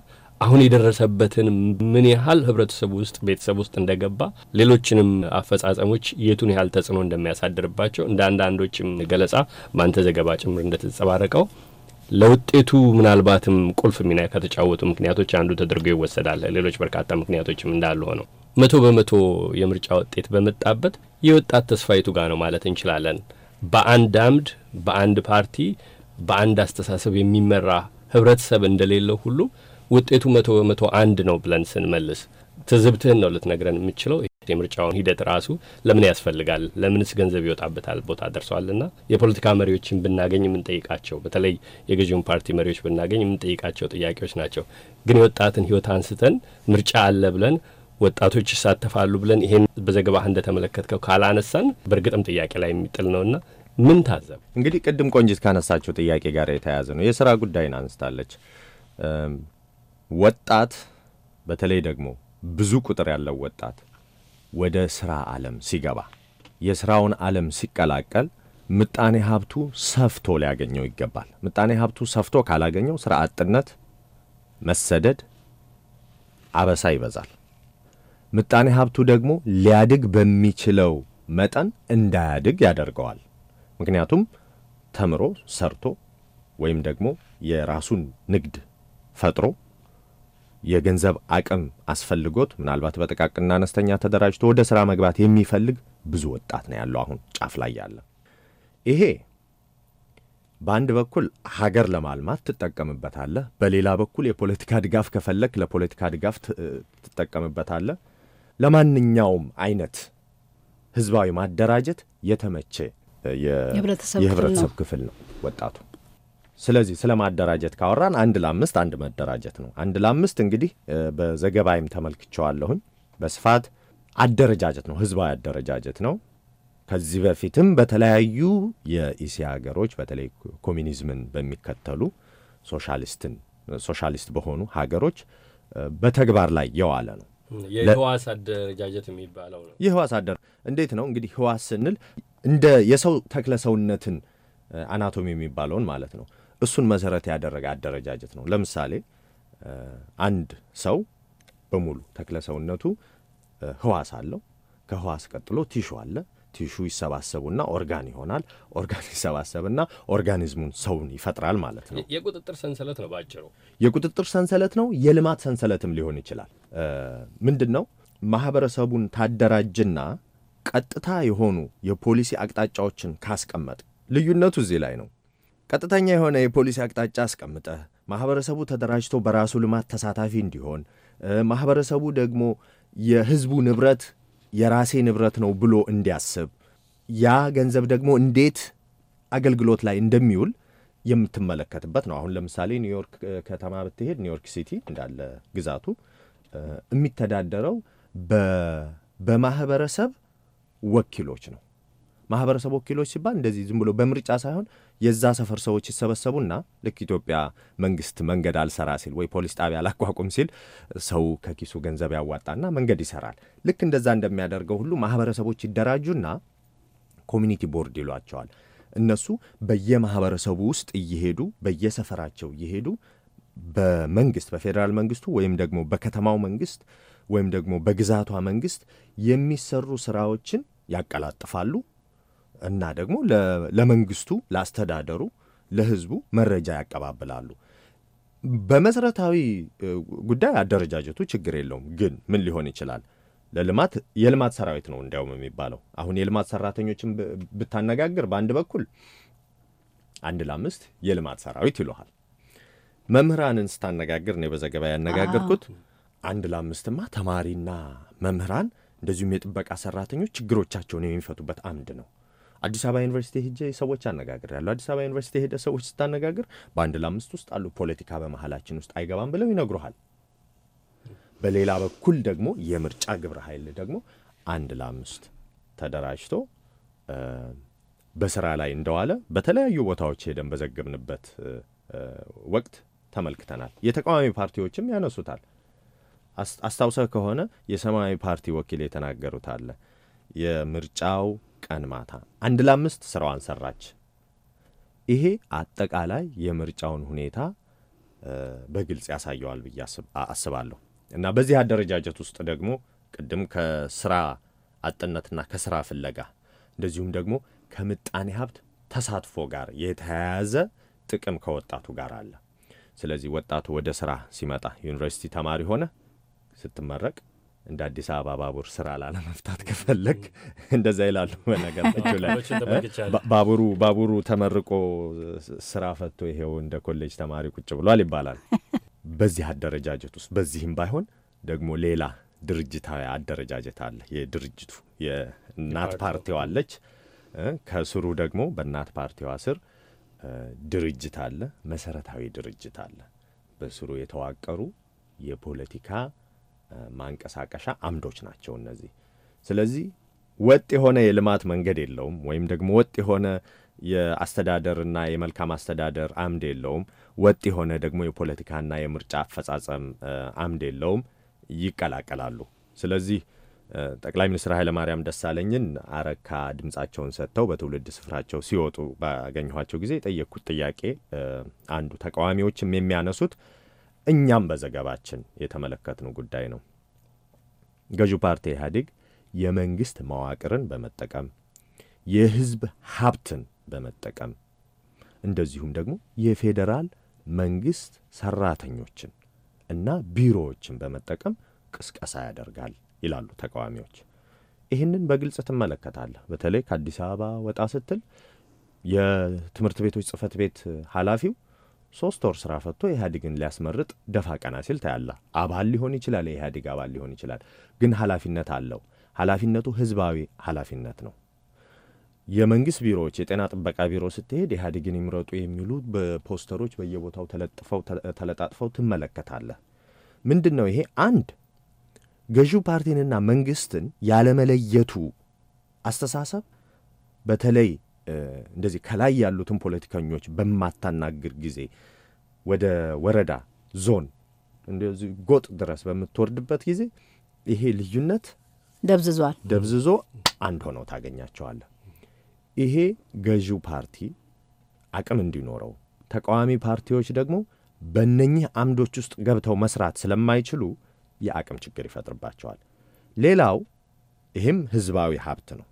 አሁን የደረሰበትን ምን ያህል ህብረተሰቡ ውስጥ ቤተሰብ ውስጥ እንደገባ ሌሎችንም አፈጻጸሞች የቱን ያህል ተጽዕኖ እንደሚያሳድርባቸው እንደ አንዳንዶችም ገለጻ በአንተ ዘገባ ጭምር እንደተንጸባረቀው ለውጤቱ ምናልባትም ቁልፍ ሚና ከተጫወቱ ምክንያቶች አንዱ ተደርጎ ይወሰዳል። ሌሎች በርካታ ምክንያቶችም እንዳሉ ሆነው መቶ በመቶ የምርጫ ውጤት በመጣበት የወጣት ተስፋይቱ ጋር ነው ማለት እንችላለን። በአንድ አምድ፣ በአንድ ፓርቲ፣ በአንድ አስተሳሰብ የሚመራ ህብረተሰብ እንደሌለው ሁሉ ውጤቱ መቶ በመቶ አንድ ነው ብለን ስንመልስ ትዝብትህን ነው ልትነግረን የምችለው። የምርጫውን ሂደት ራሱ ለምን ያስፈልጋል? ለምንስ ገንዘብ ይወጣበታል? ቦታ ደርሰዋልና የፖለቲካ መሪዎችን ብናገኝ የምንጠይቃቸው በተለይ የገዢውን ፓርቲ መሪዎች ብናገኝ የምንጠይቃቸው ጥያቄዎች ናቸው። ግን የወጣትን ህይወት አንስተን ምርጫ አለ ብለን ወጣቶች ይሳተፋሉ ብለን ይሄን በዘገባህ እንደተመለከትከው ካላነሳን በእርግጥም ጥያቄ ላይ የሚጥል ነውና ምን ታዘብ? እንግዲህ ቅድም ቆንጂት ካነሳቸው ጥያቄ ጋር የተያያዘ ነው። የስራ ጉዳይን አንስታለች። ወጣት በተለይ ደግሞ ብዙ ቁጥር ያለው ወጣት ወደ ሥራ ዓለም ሲገባ የሥራውን ዓለም ሲቀላቀል ምጣኔ ሀብቱ ሰፍቶ ሊያገኘው ይገባል። ምጣኔ ሀብቱ ሰፍቶ ካላገኘው ሥራ አጥነት፣ መሰደድ፣ አበሳ ይበዛል። ምጣኔ ሀብቱ ደግሞ ሊያድግ በሚችለው መጠን እንዳያድግ ያደርገዋል። ምክንያቱም ተምሮ ሰርቶ ወይም ደግሞ የራሱን ንግድ ፈጥሮ የገንዘብ አቅም አስፈልጎት ምናልባት በጥቃቅንና አነስተኛ ተደራጅቶ ወደ ሥራ መግባት የሚፈልግ ብዙ ወጣት ነው ያለው አሁን ጫፍ ላይ ያለ። ይሄ በአንድ በኩል ሀገር ለማልማት ትጠቀምበታለህ፣ በሌላ በኩል የፖለቲካ ድጋፍ ከፈለክ ለፖለቲካ ድጋፍ ትጠቀምበታለህ። ለማንኛውም አይነት ህዝባዊ ማደራጀት የተመቼ የህብረተሰብ ክፍል ነው ወጣቱ። ስለዚህ ስለ ማደራጀት ካወራን አንድ ለአምስት አንድ መደራጀት ነው። አንድ ለአምስት እንግዲህ በዘገባይም ተመልክቸዋለሁኝ በስፋት አደረጃጀት ነው፣ ህዝባዊ አደረጃጀት ነው። ከዚህ በፊትም በተለያዩ የኢሲያ ሀገሮች በተለይ ኮሚኒዝምን በሚከተሉ ሶሻሊስትን ሶሻሊስት በሆኑ ሀገሮች በተግባር ላይ የዋለ ነው። የህዋስ አደረጃጀት የሚባለው ነው። የህዋስ አደረ እንዴት ነው እንግዲህ ህዋስ ስንል እንደ የሰው ተክለ ሰውነትን አናቶሚ የሚባለውን ማለት ነው እሱን መሰረት ያደረገ አደረጃጀት ነው። ለምሳሌ አንድ ሰው በሙሉ ተክለ ሰውነቱ ህዋስ አለው። ከህዋስ ቀጥሎ ቲሹ አለ። ቲሹ ይሰባሰቡና ኦርጋን ይሆናል። ኦርጋን ይሰባሰብና ኦርጋኒዝሙን ሰውን ይፈጥራል ማለት ነው። የቁጥጥር ሰንሰለት ነው ባጭሩ፣ የቁጥጥር ሰንሰለት ነው። የልማት ሰንሰለትም ሊሆን ይችላል። ምንድን ነው ማህበረሰቡን ታደራጅና ቀጥታ የሆኑ የፖሊሲ አቅጣጫዎችን ካስቀመጥ ልዩነቱ እዚህ ላይ ነው። ቀጥተኛ የሆነ የፖሊሲ አቅጣጫ አስቀምጠ ማህበረሰቡ ተደራጅቶ በራሱ ልማት ተሳታፊ እንዲሆን ማህበረሰቡ ደግሞ የህዝቡ ንብረት የራሴ ንብረት ነው ብሎ እንዲያስብ ያ ገንዘብ ደግሞ እንዴት አገልግሎት ላይ እንደሚውል የምትመለከትበት ነው። አሁን ለምሳሌ ኒውዮርክ ከተማ ብትሄድ ኒውዮርክ ሲቲ እንዳለ ግዛቱ የሚተዳደረው በማህበረሰብ ወኪሎች ነው። ማህበረሰብ ወኪሎች ሲባል እንደዚህ ዝም ብሎ በምርጫ ሳይሆን የዛ ሰፈር ሰዎች ይሰበሰቡና ልክ ኢትዮጵያ መንግስት መንገድ አልሰራ ሲል ወይ ፖሊስ ጣቢያ አላቋቁም ሲል ሰው ከኪሱ ገንዘብ ያዋጣና መንገድ ይሰራል። ልክ እንደዛ እንደሚያደርገው ሁሉ ማህበረሰቦች ይደራጁና ኮሚኒቲ ቦርድ ይሏቸዋል። እነሱ በየማህበረሰቡ ውስጥ እየሄዱ በየሰፈራቸው እየሄዱ በመንግስት በፌዴራል መንግስቱ ወይም ደግሞ በከተማው መንግስት ወይም ደግሞ በግዛቷ መንግስት የሚሰሩ ስራዎችን ያቀላጥፋሉ። እና ደግሞ ለመንግስቱ፣ ለአስተዳደሩ፣ ለህዝቡ መረጃ ያቀባብላሉ። በመሰረታዊ ጉዳይ አደረጃጀቱ ችግር የለውም። ግን ምን ሊሆን ይችላል? ለልማት የልማት ሰራዊት ነው እንዲያውም የሚባለው። አሁን የልማት ሰራተኞችን ብታነጋግር በአንድ በኩል አንድ ለአምስት የልማት ሰራዊት ይሉሃል። መምህራንን ስታነጋግር እኔ በዘገባ ያነጋገርኩት አንድ ለአምስትማ ተማሪና መምህራን እንደዚሁም የጥበቃ ሰራተኞች ችግሮቻቸውን የሚፈቱበት አምድ ነው። አዲስ አበባ ዩኒቨርሲቲ ሄጄ ሰዎች አነጋግሬያለሁ። አዲስ አበባ ዩኒቨርሲቲ ሄደ ሰዎች ስታነጋግር በአንድ ለአምስት ውስጥ አሉ ፖለቲካ በመሀላችን ውስጥ አይገባም ብለው ይነግሩሃል። በሌላ በኩል ደግሞ የምርጫ ግብረ ኃይል ደግሞ አንድ ለአምስት ተደራጅቶ በስራ ላይ እንደዋለ በተለያዩ ቦታዎች ሄደን በዘገብንበት ወቅት ተመልክተናል። የተቃዋሚ ፓርቲዎችም ያነሱታል። አስታውሰህ ከሆነ የሰማያዊ ፓርቲ ወኪል የተናገሩት አለ የምርጫው ቀን ማታ አንድ ለአምስት ስራዋን ሰራች። ይሄ አጠቃላይ የምርጫውን ሁኔታ በግልጽ ያሳየዋል ብዬ አስባለሁ እና በዚህ አደረጃጀት ውስጥ ደግሞ ቅድም ከስራ አጥነትና ከስራ ፍለጋ እንደዚሁም ደግሞ ከምጣኔ ሀብት ተሳትፎ ጋር የተያያዘ ጥቅም ከወጣቱ ጋር አለ። ስለዚህ ወጣቱ ወደ ስራ ሲመጣ ዩኒቨርሲቲ ተማሪ ሆነ ስትመረቅ እንደ አዲስ አበባ ባቡር ስራ ላለመፍታት ከፈለግ እንደዛ ይላሉ። በነገራቸው ላይ ባቡሩ ባቡሩ ተመርቆ ስራ ፈቶ ይሄው እንደ ኮሌጅ ተማሪ ቁጭ ብሏል ይባላል። በዚህ አደረጃጀት ውስጥ በዚህም ባይሆን ደግሞ ሌላ ድርጅታዊ አደረጃጀት አለ። የድርጅቱ የእናት ፓርቲው አለች። ከስሩ ደግሞ በእናት ፓርቲዋ ስር ድርጅት አለ፣ መሰረታዊ ድርጅት አለ። በስሩ የተዋቀሩ የፖለቲካ ማንቀሳቀሻ አምዶች ናቸው እነዚህ። ስለዚህ ወጥ የሆነ የልማት መንገድ የለውም፣ ወይም ደግሞ ወጥ የሆነ የአስተዳደርና የመልካም አስተዳደር አምድ የለውም። ወጥ የሆነ ደግሞ የፖለቲካና የምርጫ አፈጻጸም አምድ የለውም። ይቀላቀላሉ። ስለዚህ ጠቅላይ ሚኒስትር ኃይለማርያም ደሳለኝን አረካ ድምጻቸውን ሰጥተው በትውልድ ስፍራቸው ሲወጡ ባገኘኋቸው ጊዜ የጠየቅኩት ጥያቄ አንዱ ተቃዋሚዎችም የሚያነሱት እኛም በዘገባችን የተመለከትነው ጉዳይ ነው። ገዢው ፓርቲ ኢህአዴግ የመንግሥት መዋቅርን በመጠቀም የሕዝብ ሀብትን በመጠቀም እንደዚሁም ደግሞ የፌዴራል መንግሥት ሠራተኞችን እና ቢሮዎችን በመጠቀም ቅስቀሳ ያደርጋል ይላሉ ተቃዋሚዎች። ይህንን በግልጽ ትመለከታለህ። በተለይ ከአዲስ አበባ ወጣ ስትል የትምህርት ቤቶች ጽህፈት ቤት ኃላፊው ሶስት ወር ስራ ፈቶ ኢህአዴግን ሊያስመርጥ ደፋ ቀና ሲል ታያለ። አባል ሊሆን ይችላል፣ የኢህአዴግ አባል ሊሆን ይችላል፣ ግን ኃላፊነት አለው። ኃላፊነቱ ህዝባዊ ኃላፊነት ነው። የመንግስት ቢሮዎች፣ የጤና ጥበቃ ቢሮ ስትሄድ ኢህአዴግን ይምረጡ የሚሉ በፖስተሮች በየቦታው ተለጥፈው ተለጣጥፈው ትመለከታለህ። ምንድን ነው ይሄ? አንድ ገዢው ፓርቲንና መንግስትን ያለመለየቱ አስተሳሰብ በተለይ እንደዚህ ከላይ ያሉትን ፖለቲከኞች በማታናግር ጊዜ ወደ ወረዳ፣ ዞን፣ እንደዚህ ጎጥ ድረስ በምትወርድበት ጊዜ ይሄ ልዩነት ደብዝዟል። ደብዝዞ አንድ ሆነው ታገኛቸዋለ። ይሄ ገዢው ፓርቲ አቅም እንዲኖረው ተቃዋሚ ፓርቲዎች ደግሞ በእነኚህ አምዶች ውስጥ ገብተው መስራት ስለማይችሉ የአቅም ችግር ይፈጥርባቸዋል። ሌላው ይህም ህዝባዊ ሀብት ነው።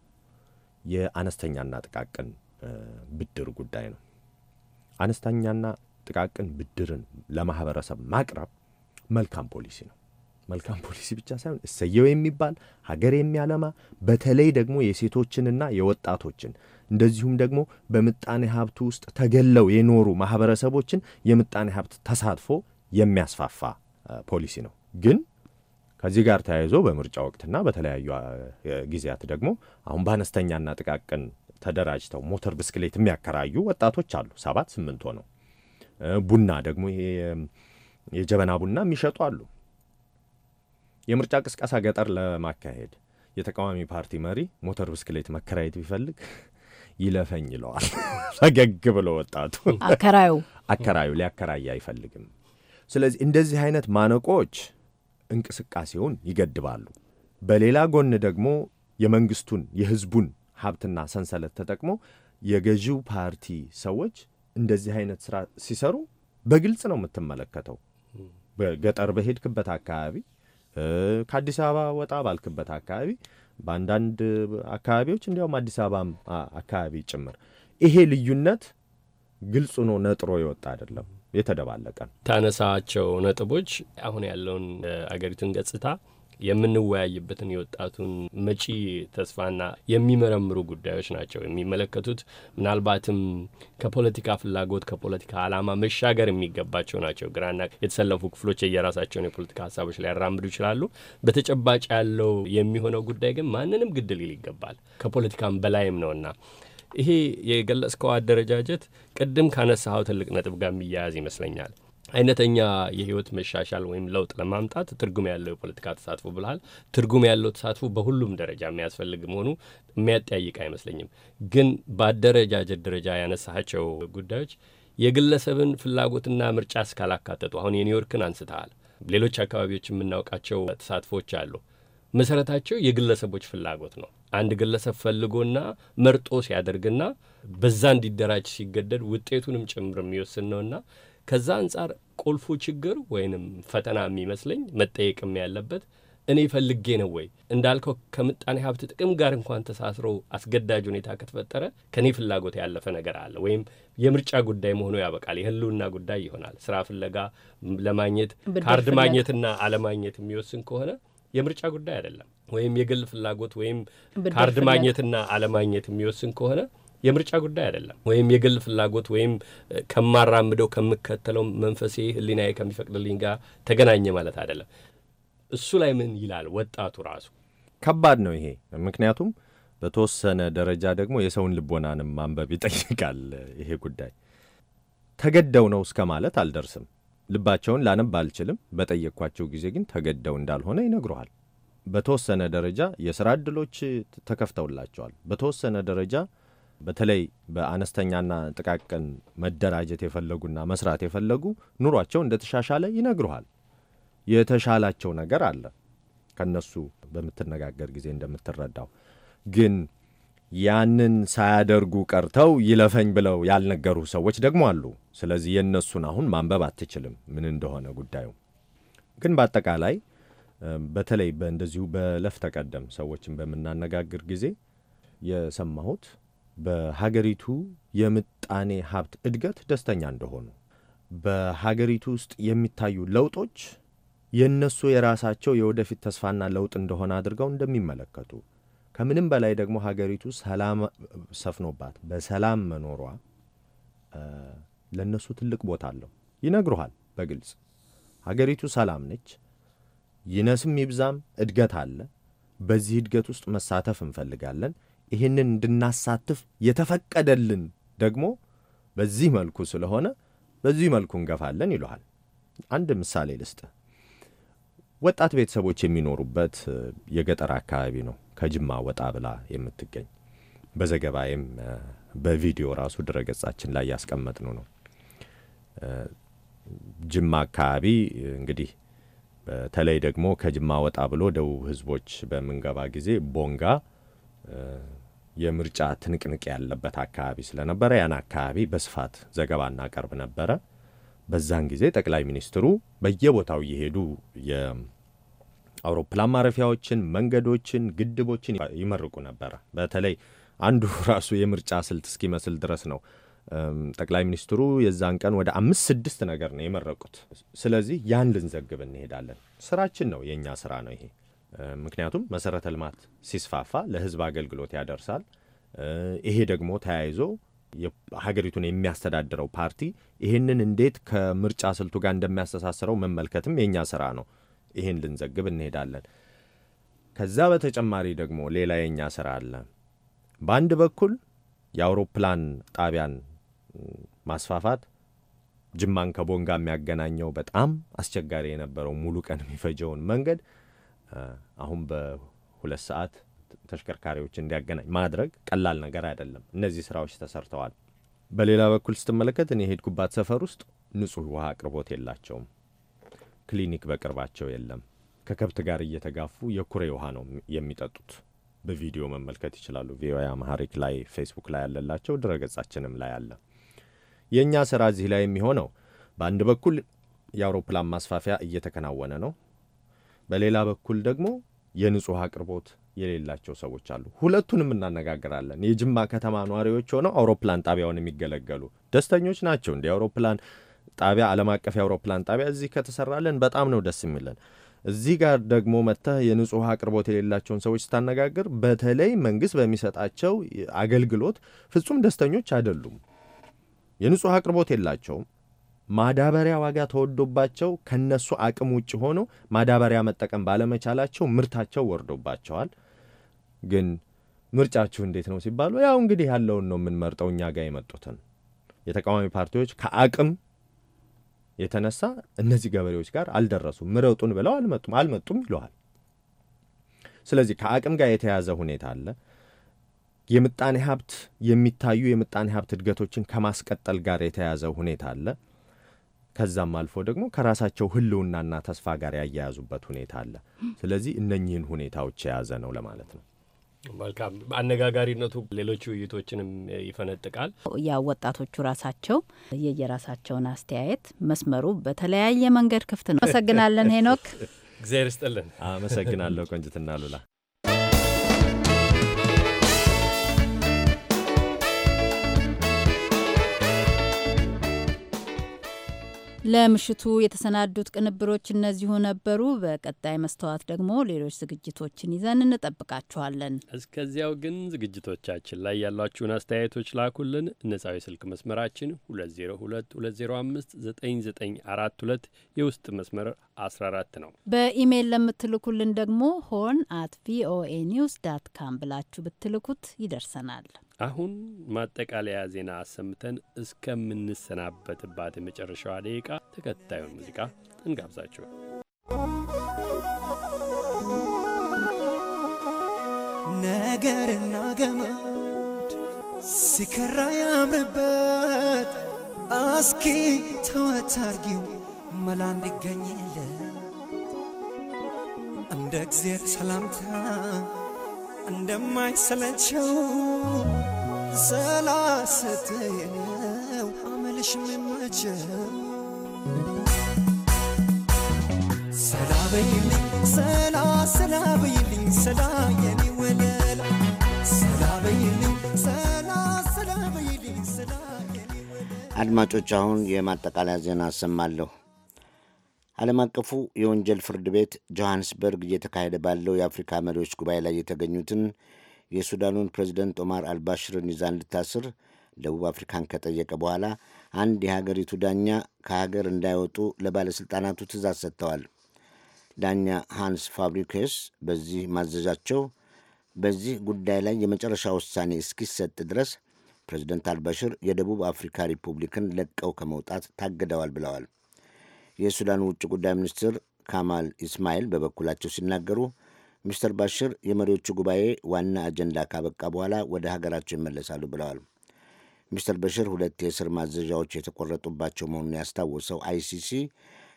የአነስተኛና ጥቃቅን ብድር ጉዳይ ነው። አነስተኛና ጥቃቅን ብድርን ለማህበረሰብ ማቅረብ መልካም ፖሊሲ ነው። መልካም ፖሊሲ ብቻ ሳይሆን እሰየው የሚባል ሀገር የሚያለማ በተለይ ደግሞ የሴቶችንና የወጣቶችን እንደዚሁም ደግሞ በምጣኔ ሀብቱ ውስጥ ተገለው የኖሩ ማህበረሰቦችን የምጣኔ ሀብት ተሳትፎ የሚያስፋፋ ፖሊሲ ነው ግን ከዚህ ጋር ተያይዞ በምርጫ ወቅትና በተለያዩ ጊዜያት ደግሞ አሁን በአነስተኛና ጥቃቅን ተደራጅተው ሞተር ብስክሌት የሚያከራዩ ወጣቶች አሉ። ሰባት ስምንት ሆነው ቡና ደግሞ የጀበና ቡና የሚሸጡ አሉ። የምርጫ ቅስቀሳ ገጠር ለማካሄድ የተቃዋሚ ፓርቲ መሪ ሞተር ብስክሌት መከራየት ቢፈልግ ይለፈኝ ይለዋል። ፈገግ ብሎ ወጣቱ አከራዩ አከራዩ ሊያከራይ አይፈልግም። ስለዚህ እንደዚህ አይነት ማነቆች እንቅስቃሴውን ይገድባሉ። በሌላ ጎን ደግሞ የመንግስቱን የህዝቡን ሀብትና ሰንሰለት ተጠቅሞ የገዢው ፓርቲ ሰዎች እንደዚህ አይነት ስራ ሲሰሩ በግልጽ ነው የምትመለከተው። በገጠር በሄድክበት አካባቢ፣ ከአዲስ አበባ ወጣ ባልክበት አካባቢ፣ በአንዳንድ አካባቢዎች እንዲያውም አዲስ አበባም አካባቢ ጭምር ይሄ ልዩነት ግልጽ ሆኖ ነጥሮ የወጣ አይደለም። የተደባለቀ ነው። ታነሳቸው ነጥቦች አሁን ያለውን አገሪቱን ገጽታ የምንወያይበትን የወጣቱን መጪ ተስፋና የሚመረምሩ ጉዳዮች ናቸው የሚመለከቱት። ምናልባትም ከፖለቲካ ፍላጎት ከፖለቲካ ዓላማ መሻገር የሚገባቸው ናቸው። ግራና የተሰለፉ ክፍሎች የየራሳቸውን የፖለቲካ ሀሳቦች ሊያራምዱ ይችላሉ። በተጨባጭ ያለው የሚሆነው ጉዳይ ግን ማንንም ግድል ይገባል። ከፖለቲካም በላይም ነውና ይሄ የገለጽከው አደረጃጀት ቅድም ካነሳኸው ትልቅ ነጥብ ጋር የሚያያዝ ይመስለኛል። አይነተኛ የህይወት መሻሻል ወይም ለውጥ ለማምጣት ትርጉም ያለው የፖለቲካ ተሳትፎ ብልሃል። ትርጉም ያለው ተሳትፎ በሁሉም ደረጃ የሚያስፈልግ መሆኑ የሚያጠያይቅ አይመስለኝም። ግን በአደረጃጀት ደረጃ ያነሳቸው ጉዳዮች የግለሰብን ፍላጎትና ምርጫ እስካላካተቱ፣ አሁን የኒውዮርክን አንስተሃል፣ ሌሎች አካባቢዎች የምናውቃቸው ተሳትፎች አሉ። መሰረታቸው የግለሰቦች ፍላጎት ነው። አንድ ግለሰብ ፈልጎና መርጦ ሲያደርግና በዛ እንዲደራጅ ሲገደድ ውጤቱንም ጭምር የሚወስን ነውና ከዛ አንጻር ቁልፉ ችግር ወይንም ፈተና የሚመስለኝ መጠየቅም ያለበት እኔ ፈልጌ ነው ወይ እንዳልከው ከምጣኔ ሀብት ጥቅም ጋር እንኳን ተሳስሮ አስገዳጅ ሁኔታ ከተፈጠረ ከእኔ ፍላጎት ያለፈ ነገር አለ ወይም የምርጫ ጉዳይ መሆኑ ያበቃል። የህልውና ጉዳይ ይሆናል። ስራ ፍለጋ ለማግኘት ካርድ ማግኘትና አለማግኘት የሚወስን ከሆነ የምርጫ ጉዳይ አይደለም። ወይም የግል ፍላጎት ወይም ካርድ ማግኘትና አለማግኘት የሚወስን ከሆነ የምርጫ ጉዳይ አይደለም። ወይም የግል ፍላጎት ወይም ከማራምደው ከምከተለው መንፈሴ ሕሊናዬ ከሚፈቅድልኝ ጋር ተገናኘ ማለት አይደለም። እሱ ላይ ምን ይላል ወጣቱ ራሱ? ከባድ ነው ይሄ። ምክንያቱም በተወሰነ ደረጃ ደግሞ የሰውን ልቦናንም ማንበብ ይጠይቃል ይሄ ጉዳይ። ተገደው ነው እስከ ማለት አልደርስም። ልባቸውን ላነብ አልችልም። በጠየቅኳቸው ጊዜ ግን ተገደው እንዳልሆነ ይነግረዋል። በተወሰነ ደረጃ የስራ እድሎች ተከፍተውላቸዋል። በተወሰነ ደረጃ በተለይ በአነስተኛና ጥቃቅን መደራጀት የፈለጉና መስራት የፈለጉ ኑሯቸው እንደተሻሻለ ይነግሩሃል። የተሻላቸው ነገር አለ ከነሱ በምትነጋገር ጊዜ እንደምትረዳው። ግን ያንን ሳያደርጉ ቀርተው ይለፈኝ ብለው ያልነገሩ ሰዎች ደግሞ አሉ። ስለዚህ የእነሱን አሁን ማንበብ አትችልም ምን እንደሆነ ጉዳዩ። ግን በአጠቃላይ በተለይ እንደዚሁ በለፍ ተቀደም ሰዎችን በምናነጋግር ጊዜ የሰማሁት በሀገሪቱ የምጣኔ ሀብት እድገት ደስተኛ እንደሆኑ፣ በሀገሪቱ ውስጥ የሚታዩ ለውጦች የእነሱ የራሳቸው የወደፊት ተስፋና ለውጥ እንደሆነ አድርገው እንደሚመለከቱ፣ ከምንም በላይ ደግሞ ሀገሪቱ ሰላም ሰፍኖባት በሰላም መኖሯ ለእነሱ ትልቅ ቦታ አለው ይነግሩሃል። በግልጽ ሀገሪቱ ሰላም ነች፣ ይነስም ይብዛም እድገት አለ። በዚህ እድገት ውስጥ መሳተፍ እንፈልጋለን። ይህንን እንድናሳትፍ የተፈቀደልን ደግሞ በዚህ መልኩ ስለሆነ በዚህ መልኩ እንገፋለን ይለሃል። አንድ ምሳሌ ልስጥ። ወጣት ቤተሰቦች የሚኖሩበት የገጠር አካባቢ ነው፣ ከጅማ ወጣ ብላ የምትገኝ በዘገባዬም በቪዲዮ ራሱ ድረገጻችን ላይ ያስቀመጥነው ነው። ጅማ አካባቢ እንግዲህ በተለይ ደግሞ ከጅማ ወጣ ብሎ ደቡብ ህዝቦች በምንገባ ጊዜ ቦንጋ የምርጫ ትንቅንቅ ያለበት አካባቢ ስለነበረ ያን አካባቢ በስፋት ዘገባ እናቀርብ ነበረ። በዛን ጊዜ ጠቅላይ ሚኒስትሩ በየቦታው እየሄዱ የአውሮፕላን ማረፊያዎችን፣ መንገዶችን፣ ግድቦችን ይመርቁ ነበረ። በተለይ አንዱ ራሱ የምርጫ ስልት እስኪመስል ድረስ ነው ጠቅላይ ሚኒስትሩ የዛን ቀን ወደ አምስት ስድስት ነገር ነው የመረቁት። ስለዚህ ያን ልንዘግብ እንሄዳለን። ስራችን ነው፣ የእኛ ስራ ነው ይሄ። ምክንያቱም መሰረተ ልማት ሲስፋፋ ለህዝብ አገልግሎት ያደርሳል። ይሄ ደግሞ ተያይዞ ሀገሪቱን የሚያስተዳድረው ፓርቲ ይህንን እንዴት ከምርጫ ስልቱ ጋር እንደሚያስተሳስረው መመልከትም የእኛ ስራ ነው። ይህን ልንዘግብ እንሄዳለን። ከዛ በተጨማሪ ደግሞ ሌላ የእኛ ስራ አለ። በአንድ በኩል የአውሮፕላን ጣቢያን ማስፋፋት ጅማን ከቦንጋ የሚያገናኘው በጣም አስቸጋሪ የነበረው ሙሉ ቀን የሚፈጀውን መንገድ አሁን በሁለት ሰዓት ተሽከርካሪዎች እንዲያገናኝ ማድረግ ቀላል ነገር አይደለም። እነዚህ ስራዎች ተሰርተዋል። በሌላ በኩል ስትመለከት እኔ የሄድኩባት ሰፈር ውስጥ ንጹህ ውሃ አቅርቦት የላቸውም። ክሊኒክ በቅርባቸው የለም። ከከብት ጋር እየተጋፉ የኩሬ ውሃ ነው የሚጠጡት። በቪዲዮ መመልከት ይችላሉ። ቪኦኤ አማሃሪክ ላይ ፌስቡክ ላይ ያለላቸው ድረገጻችንም ላይ አለ። የእኛ ስራ እዚህ ላይ የሚሆነው በአንድ በኩል የአውሮፕላን ማስፋፊያ እየተከናወነ ነው፣ በሌላ በኩል ደግሞ የንጹህ አቅርቦት የሌላቸው ሰዎች አሉ። ሁለቱንም እናነጋግራለን። የጅማ ከተማ ነዋሪዎች ሆነው አውሮፕላን ጣቢያውን የሚገለገሉ ደስተኞች ናቸው። እንዲህ አውሮፕላን ጣቢያ ዓለም አቀፍ የአውሮፕላን ጣቢያ እዚህ ከተሰራለን በጣም ነው ደስ የሚለን። እዚህ ጋር ደግሞ መጥተህ የንጹህ አቅርቦት የሌላቸውን ሰዎች ስታነጋግር በተለይ መንግስት በሚሰጣቸው አገልግሎት ፍጹም ደስተኞች አይደሉም። የንጹሕ አቅርቦት የላቸውም። ማዳበሪያ ዋጋ ተወዶባቸው ከነሱ አቅም ውጭ ሆነው ማዳበሪያ መጠቀም ባለመቻላቸው ምርታቸው ወርዶባቸዋል። ግን ምርጫችሁ እንዴት ነው ሲባሉ ያው እንግዲህ ያለውን ነው የምንመርጠው እኛ ጋር የመጡትን። የተቃዋሚ ፓርቲዎች ከአቅም የተነሳ እነዚህ ገበሬዎች ጋር አልደረሱም፣ ምረጡን ብለው አልመጡም አልመጡም ይለዋል። ስለዚህ ከአቅም ጋር የተያዘ ሁኔታ አለ። የምጣኔ ሀብት የሚታዩ የምጣኔ ሀብት እድገቶችን ከማስቀጠል ጋር የተያዘ ሁኔታ አለ። ከዛም አልፎ ደግሞ ከራሳቸው ህልውናና ተስፋ ጋር ያያያዙበት ሁኔታ አለ። ስለዚህ እነኚህን ሁኔታዎች የያዘ ነው ለማለት ነው። መልካም አነጋጋሪነቱ ሌሎች ውይይቶችንም ይፈነጥቃል። ያው ወጣቶቹ ራሳቸው የየራሳቸውን አስተያየት መስመሩ በተለያየ መንገድ ክፍት ነው። አመሰግናለን ሄኖክ፣ እግዚአብሔር ይስጥልን። አመሰግናለሁ ቆንጅትና ሉላ። ለምሽቱ የተሰናዱት ቅንብሮች እነዚሁ ነበሩ። በቀጣይ መስተዋት ደግሞ ሌሎች ዝግጅቶችን ይዘን እንጠብቃችኋለን። እስከዚያው ግን ዝግጅቶቻችን ላይ ያሏችሁን አስተያየቶች ላኩልን። ነጻው የስልክ መስመራችን 2022059942 የውስጥ መስመር 14 ነው። በኢሜይል ለምትልኩልን ደግሞ ሆን አት ቪኦኤ ኒውስ ዳት ካም ብላችሁ ብትልኩት ይደርሰናል። አሁን ማጠቃለያ ዜና አሰምተን እስከምንሰናበትባት የመጨረሻዋ ደቂቃ ተከታዩን ሙዚቃ እንጋብዛችሁ። ነገርና ገመድ ሲከራ ያምርበት አስኪ ተወታርጊው መላ እንዲገኝልን እንደ እግዜር ሰላምታ እንደማይሰለቸው ሰላስትይ ነው አመልሽ የሚመቸው ሰላ በይልኝ ሰላ ሰላ በይልኝ ሰላ የኔ ወለላ ሰላ በይልኝ ሰላ ሰላ በይልኝ ሰላ አድማጮች አሁን የማጠቃለያ ዜና አሰማለሁ። ዓለም አቀፉ የወንጀል ፍርድ ቤት ጆሐንስበርግ እየተካሄደ ባለው የአፍሪካ መሪዎች ጉባኤ ላይ የተገኙትን የሱዳኑን ፕሬዚደንት ኦማር አልባሽርን ይዛ እንድታስር ደቡብ አፍሪካን ከጠየቀ በኋላ አንድ የሀገሪቱ ዳኛ ከሀገር እንዳይወጡ ለባለሥልጣናቱ ትእዛዝ ሰጥተዋል። ዳኛ ሃንስ ፋብሪኬስ በዚህ ማዘዣቸው በዚህ ጉዳይ ላይ የመጨረሻ ውሳኔ እስኪሰጥ ድረስ ፕሬዚደንት አልባሽር የደቡብ አፍሪካ ሪፑብሊክን ለቀው ከመውጣት ታግደዋል ብለዋል። የሱዳን ውጭ ጉዳይ ሚኒስትር ካማል ኢስማኤል በበኩላቸው ሲናገሩ ሚስተር ባሽር የመሪዎቹ ጉባኤ ዋና አጀንዳ ካበቃ በኋላ ወደ ሀገራቸው ይመለሳሉ ብለዋል። ሚስተር በሽር ሁለት የእስር ማዘዣዎች የተቆረጡባቸው መሆኑን ያስታወሰው አይሲሲ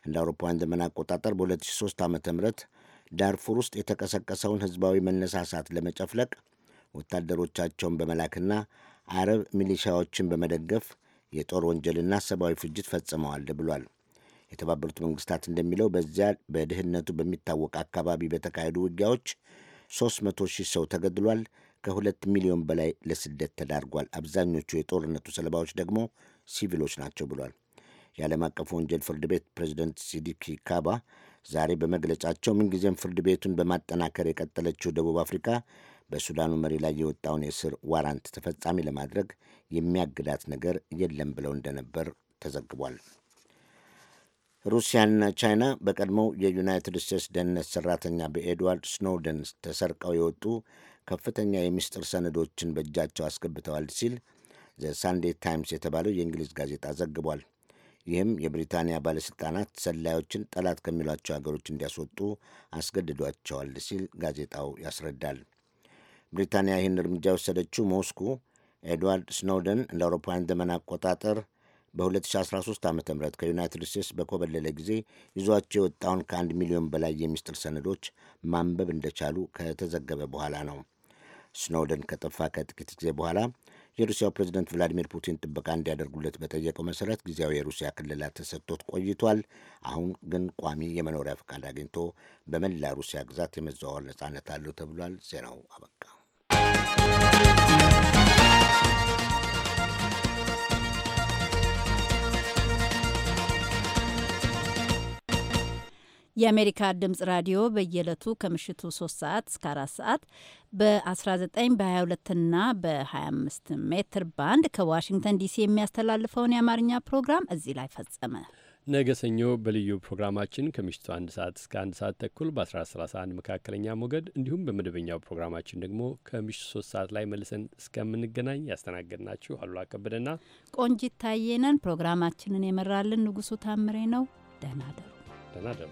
እንደ አውሮፓውያን ዘመን አቆጣጠር በ2003 ዓ ም ዳርፉር ውስጥ የተቀሰቀሰውን ህዝባዊ መነሳሳት ለመጨፍለቅ ወታደሮቻቸውን በመላክና አረብ ሚሊሻዎችን በመደገፍ የጦር ወንጀልና ሰብአዊ ፍጅት ፈጽመዋል ብሏል። የተባበሩት መንግስታት እንደሚለው በዚያ በድህነቱ በሚታወቅ አካባቢ በተካሄዱ ውጊያዎች 300 ሺህ ሰው ተገድሏል። ከሁለት ሚሊዮን በላይ ለስደት ተዳርጓል። አብዛኞቹ የጦርነቱ ሰለባዎች ደግሞ ሲቪሎች ናቸው ብሏል። የዓለም አቀፉ ወንጀል ፍርድ ቤት ፕሬዚደንት ሲዲኪ ካባ ዛሬ በመግለጫቸው ምንጊዜም ፍርድ ቤቱን በማጠናከር የቀጠለችው ደቡብ አፍሪካ በሱዳኑ መሪ ላይ የወጣውን የስር ዋራንት ተፈጻሚ ለማድረግ የሚያግዳት ነገር የለም ብለው እንደነበር ተዘግቧል። ሩሲያና ቻይና በቀድሞው የዩናይትድ ስቴትስ ደህንነት ሠራተኛ በኤድዋርድ ስኖደን ተሰርቀው የወጡ ከፍተኛ የምስጢር ሰነዶችን በእጃቸው አስገብተዋል ሲል ዘ ሳንዴ ታይምስ የተባለው የእንግሊዝ ጋዜጣ ዘግቧል። ይህም የብሪታንያ ባለሥልጣናት ሰላዮችን ጠላት ከሚሏቸው አገሮች እንዲያስወጡ አስገድዷቸዋል ሲል ጋዜጣው ያስረዳል። ብሪታንያ ይህን እርምጃ የወሰደችው ሞስኩ ኤድዋርድ ስኖደን እንደ አውሮፓውያን ዘመን አቆጣጠር በ2013 ዓ ም ከዩናይትድ ስቴትስ በኮበለለ ጊዜ ይዟቸው የወጣውን ከአንድ ሚሊዮን በላይ የሚስጥር ሰነዶች ማንበብ እንደቻሉ ከተዘገበ በኋላ ነው። ስኖደን ከጠፋ ከጥቂት ጊዜ በኋላ የሩሲያው ፕሬዝደንት ቭላዲሚር ፑቲን ጥበቃ እንዲያደርጉለት በጠየቀው መሰረት ጊዜያዊ የሩሲያ ክልላት ተሰጥቶት ቆይቷል። አሁን ግን ቋሚ የመኖሪያ ፈቃድ አግኝቶ በመላ ሩሲያ ግዛት የመዘዋወር ነጻነት አለው ተብሏል። ዜናው አበቃ። የአሜሪካ ድምጽ ራዲዮ በየዕለቱ ከምሽቱ 3 ሰዓት እስከ 4 ሰዓት በ19 በ22ና በ25 ሜትር ባንድ ከዋሽንግተን ዲሲ የሚያስተላልፈውን የአማርኛ ፕሮግራም እዚህ ላይ ፈጸመ። ነገ ሰኞ በልዩ ፕሮግራማችን ከምሽቱ 1 ሰዓት እስከ 1 ሰዓት ተኩል በ 1131 መካከለኛ ሞገድ እንዲሁም በመደበኛው ፕሮግራማችን ደግሞ ከምሽቱ 3 ሰዓት ላይ መልሰን እስከምንገናኝ ያስተናገድናችሁ አሉላ ከበደና ቆንጂት ታየነን። ፕሮግራማችንን የመራልን ንጉሱ ታምሬ ነው። ደህና ደሩ። ደህና ደሩ።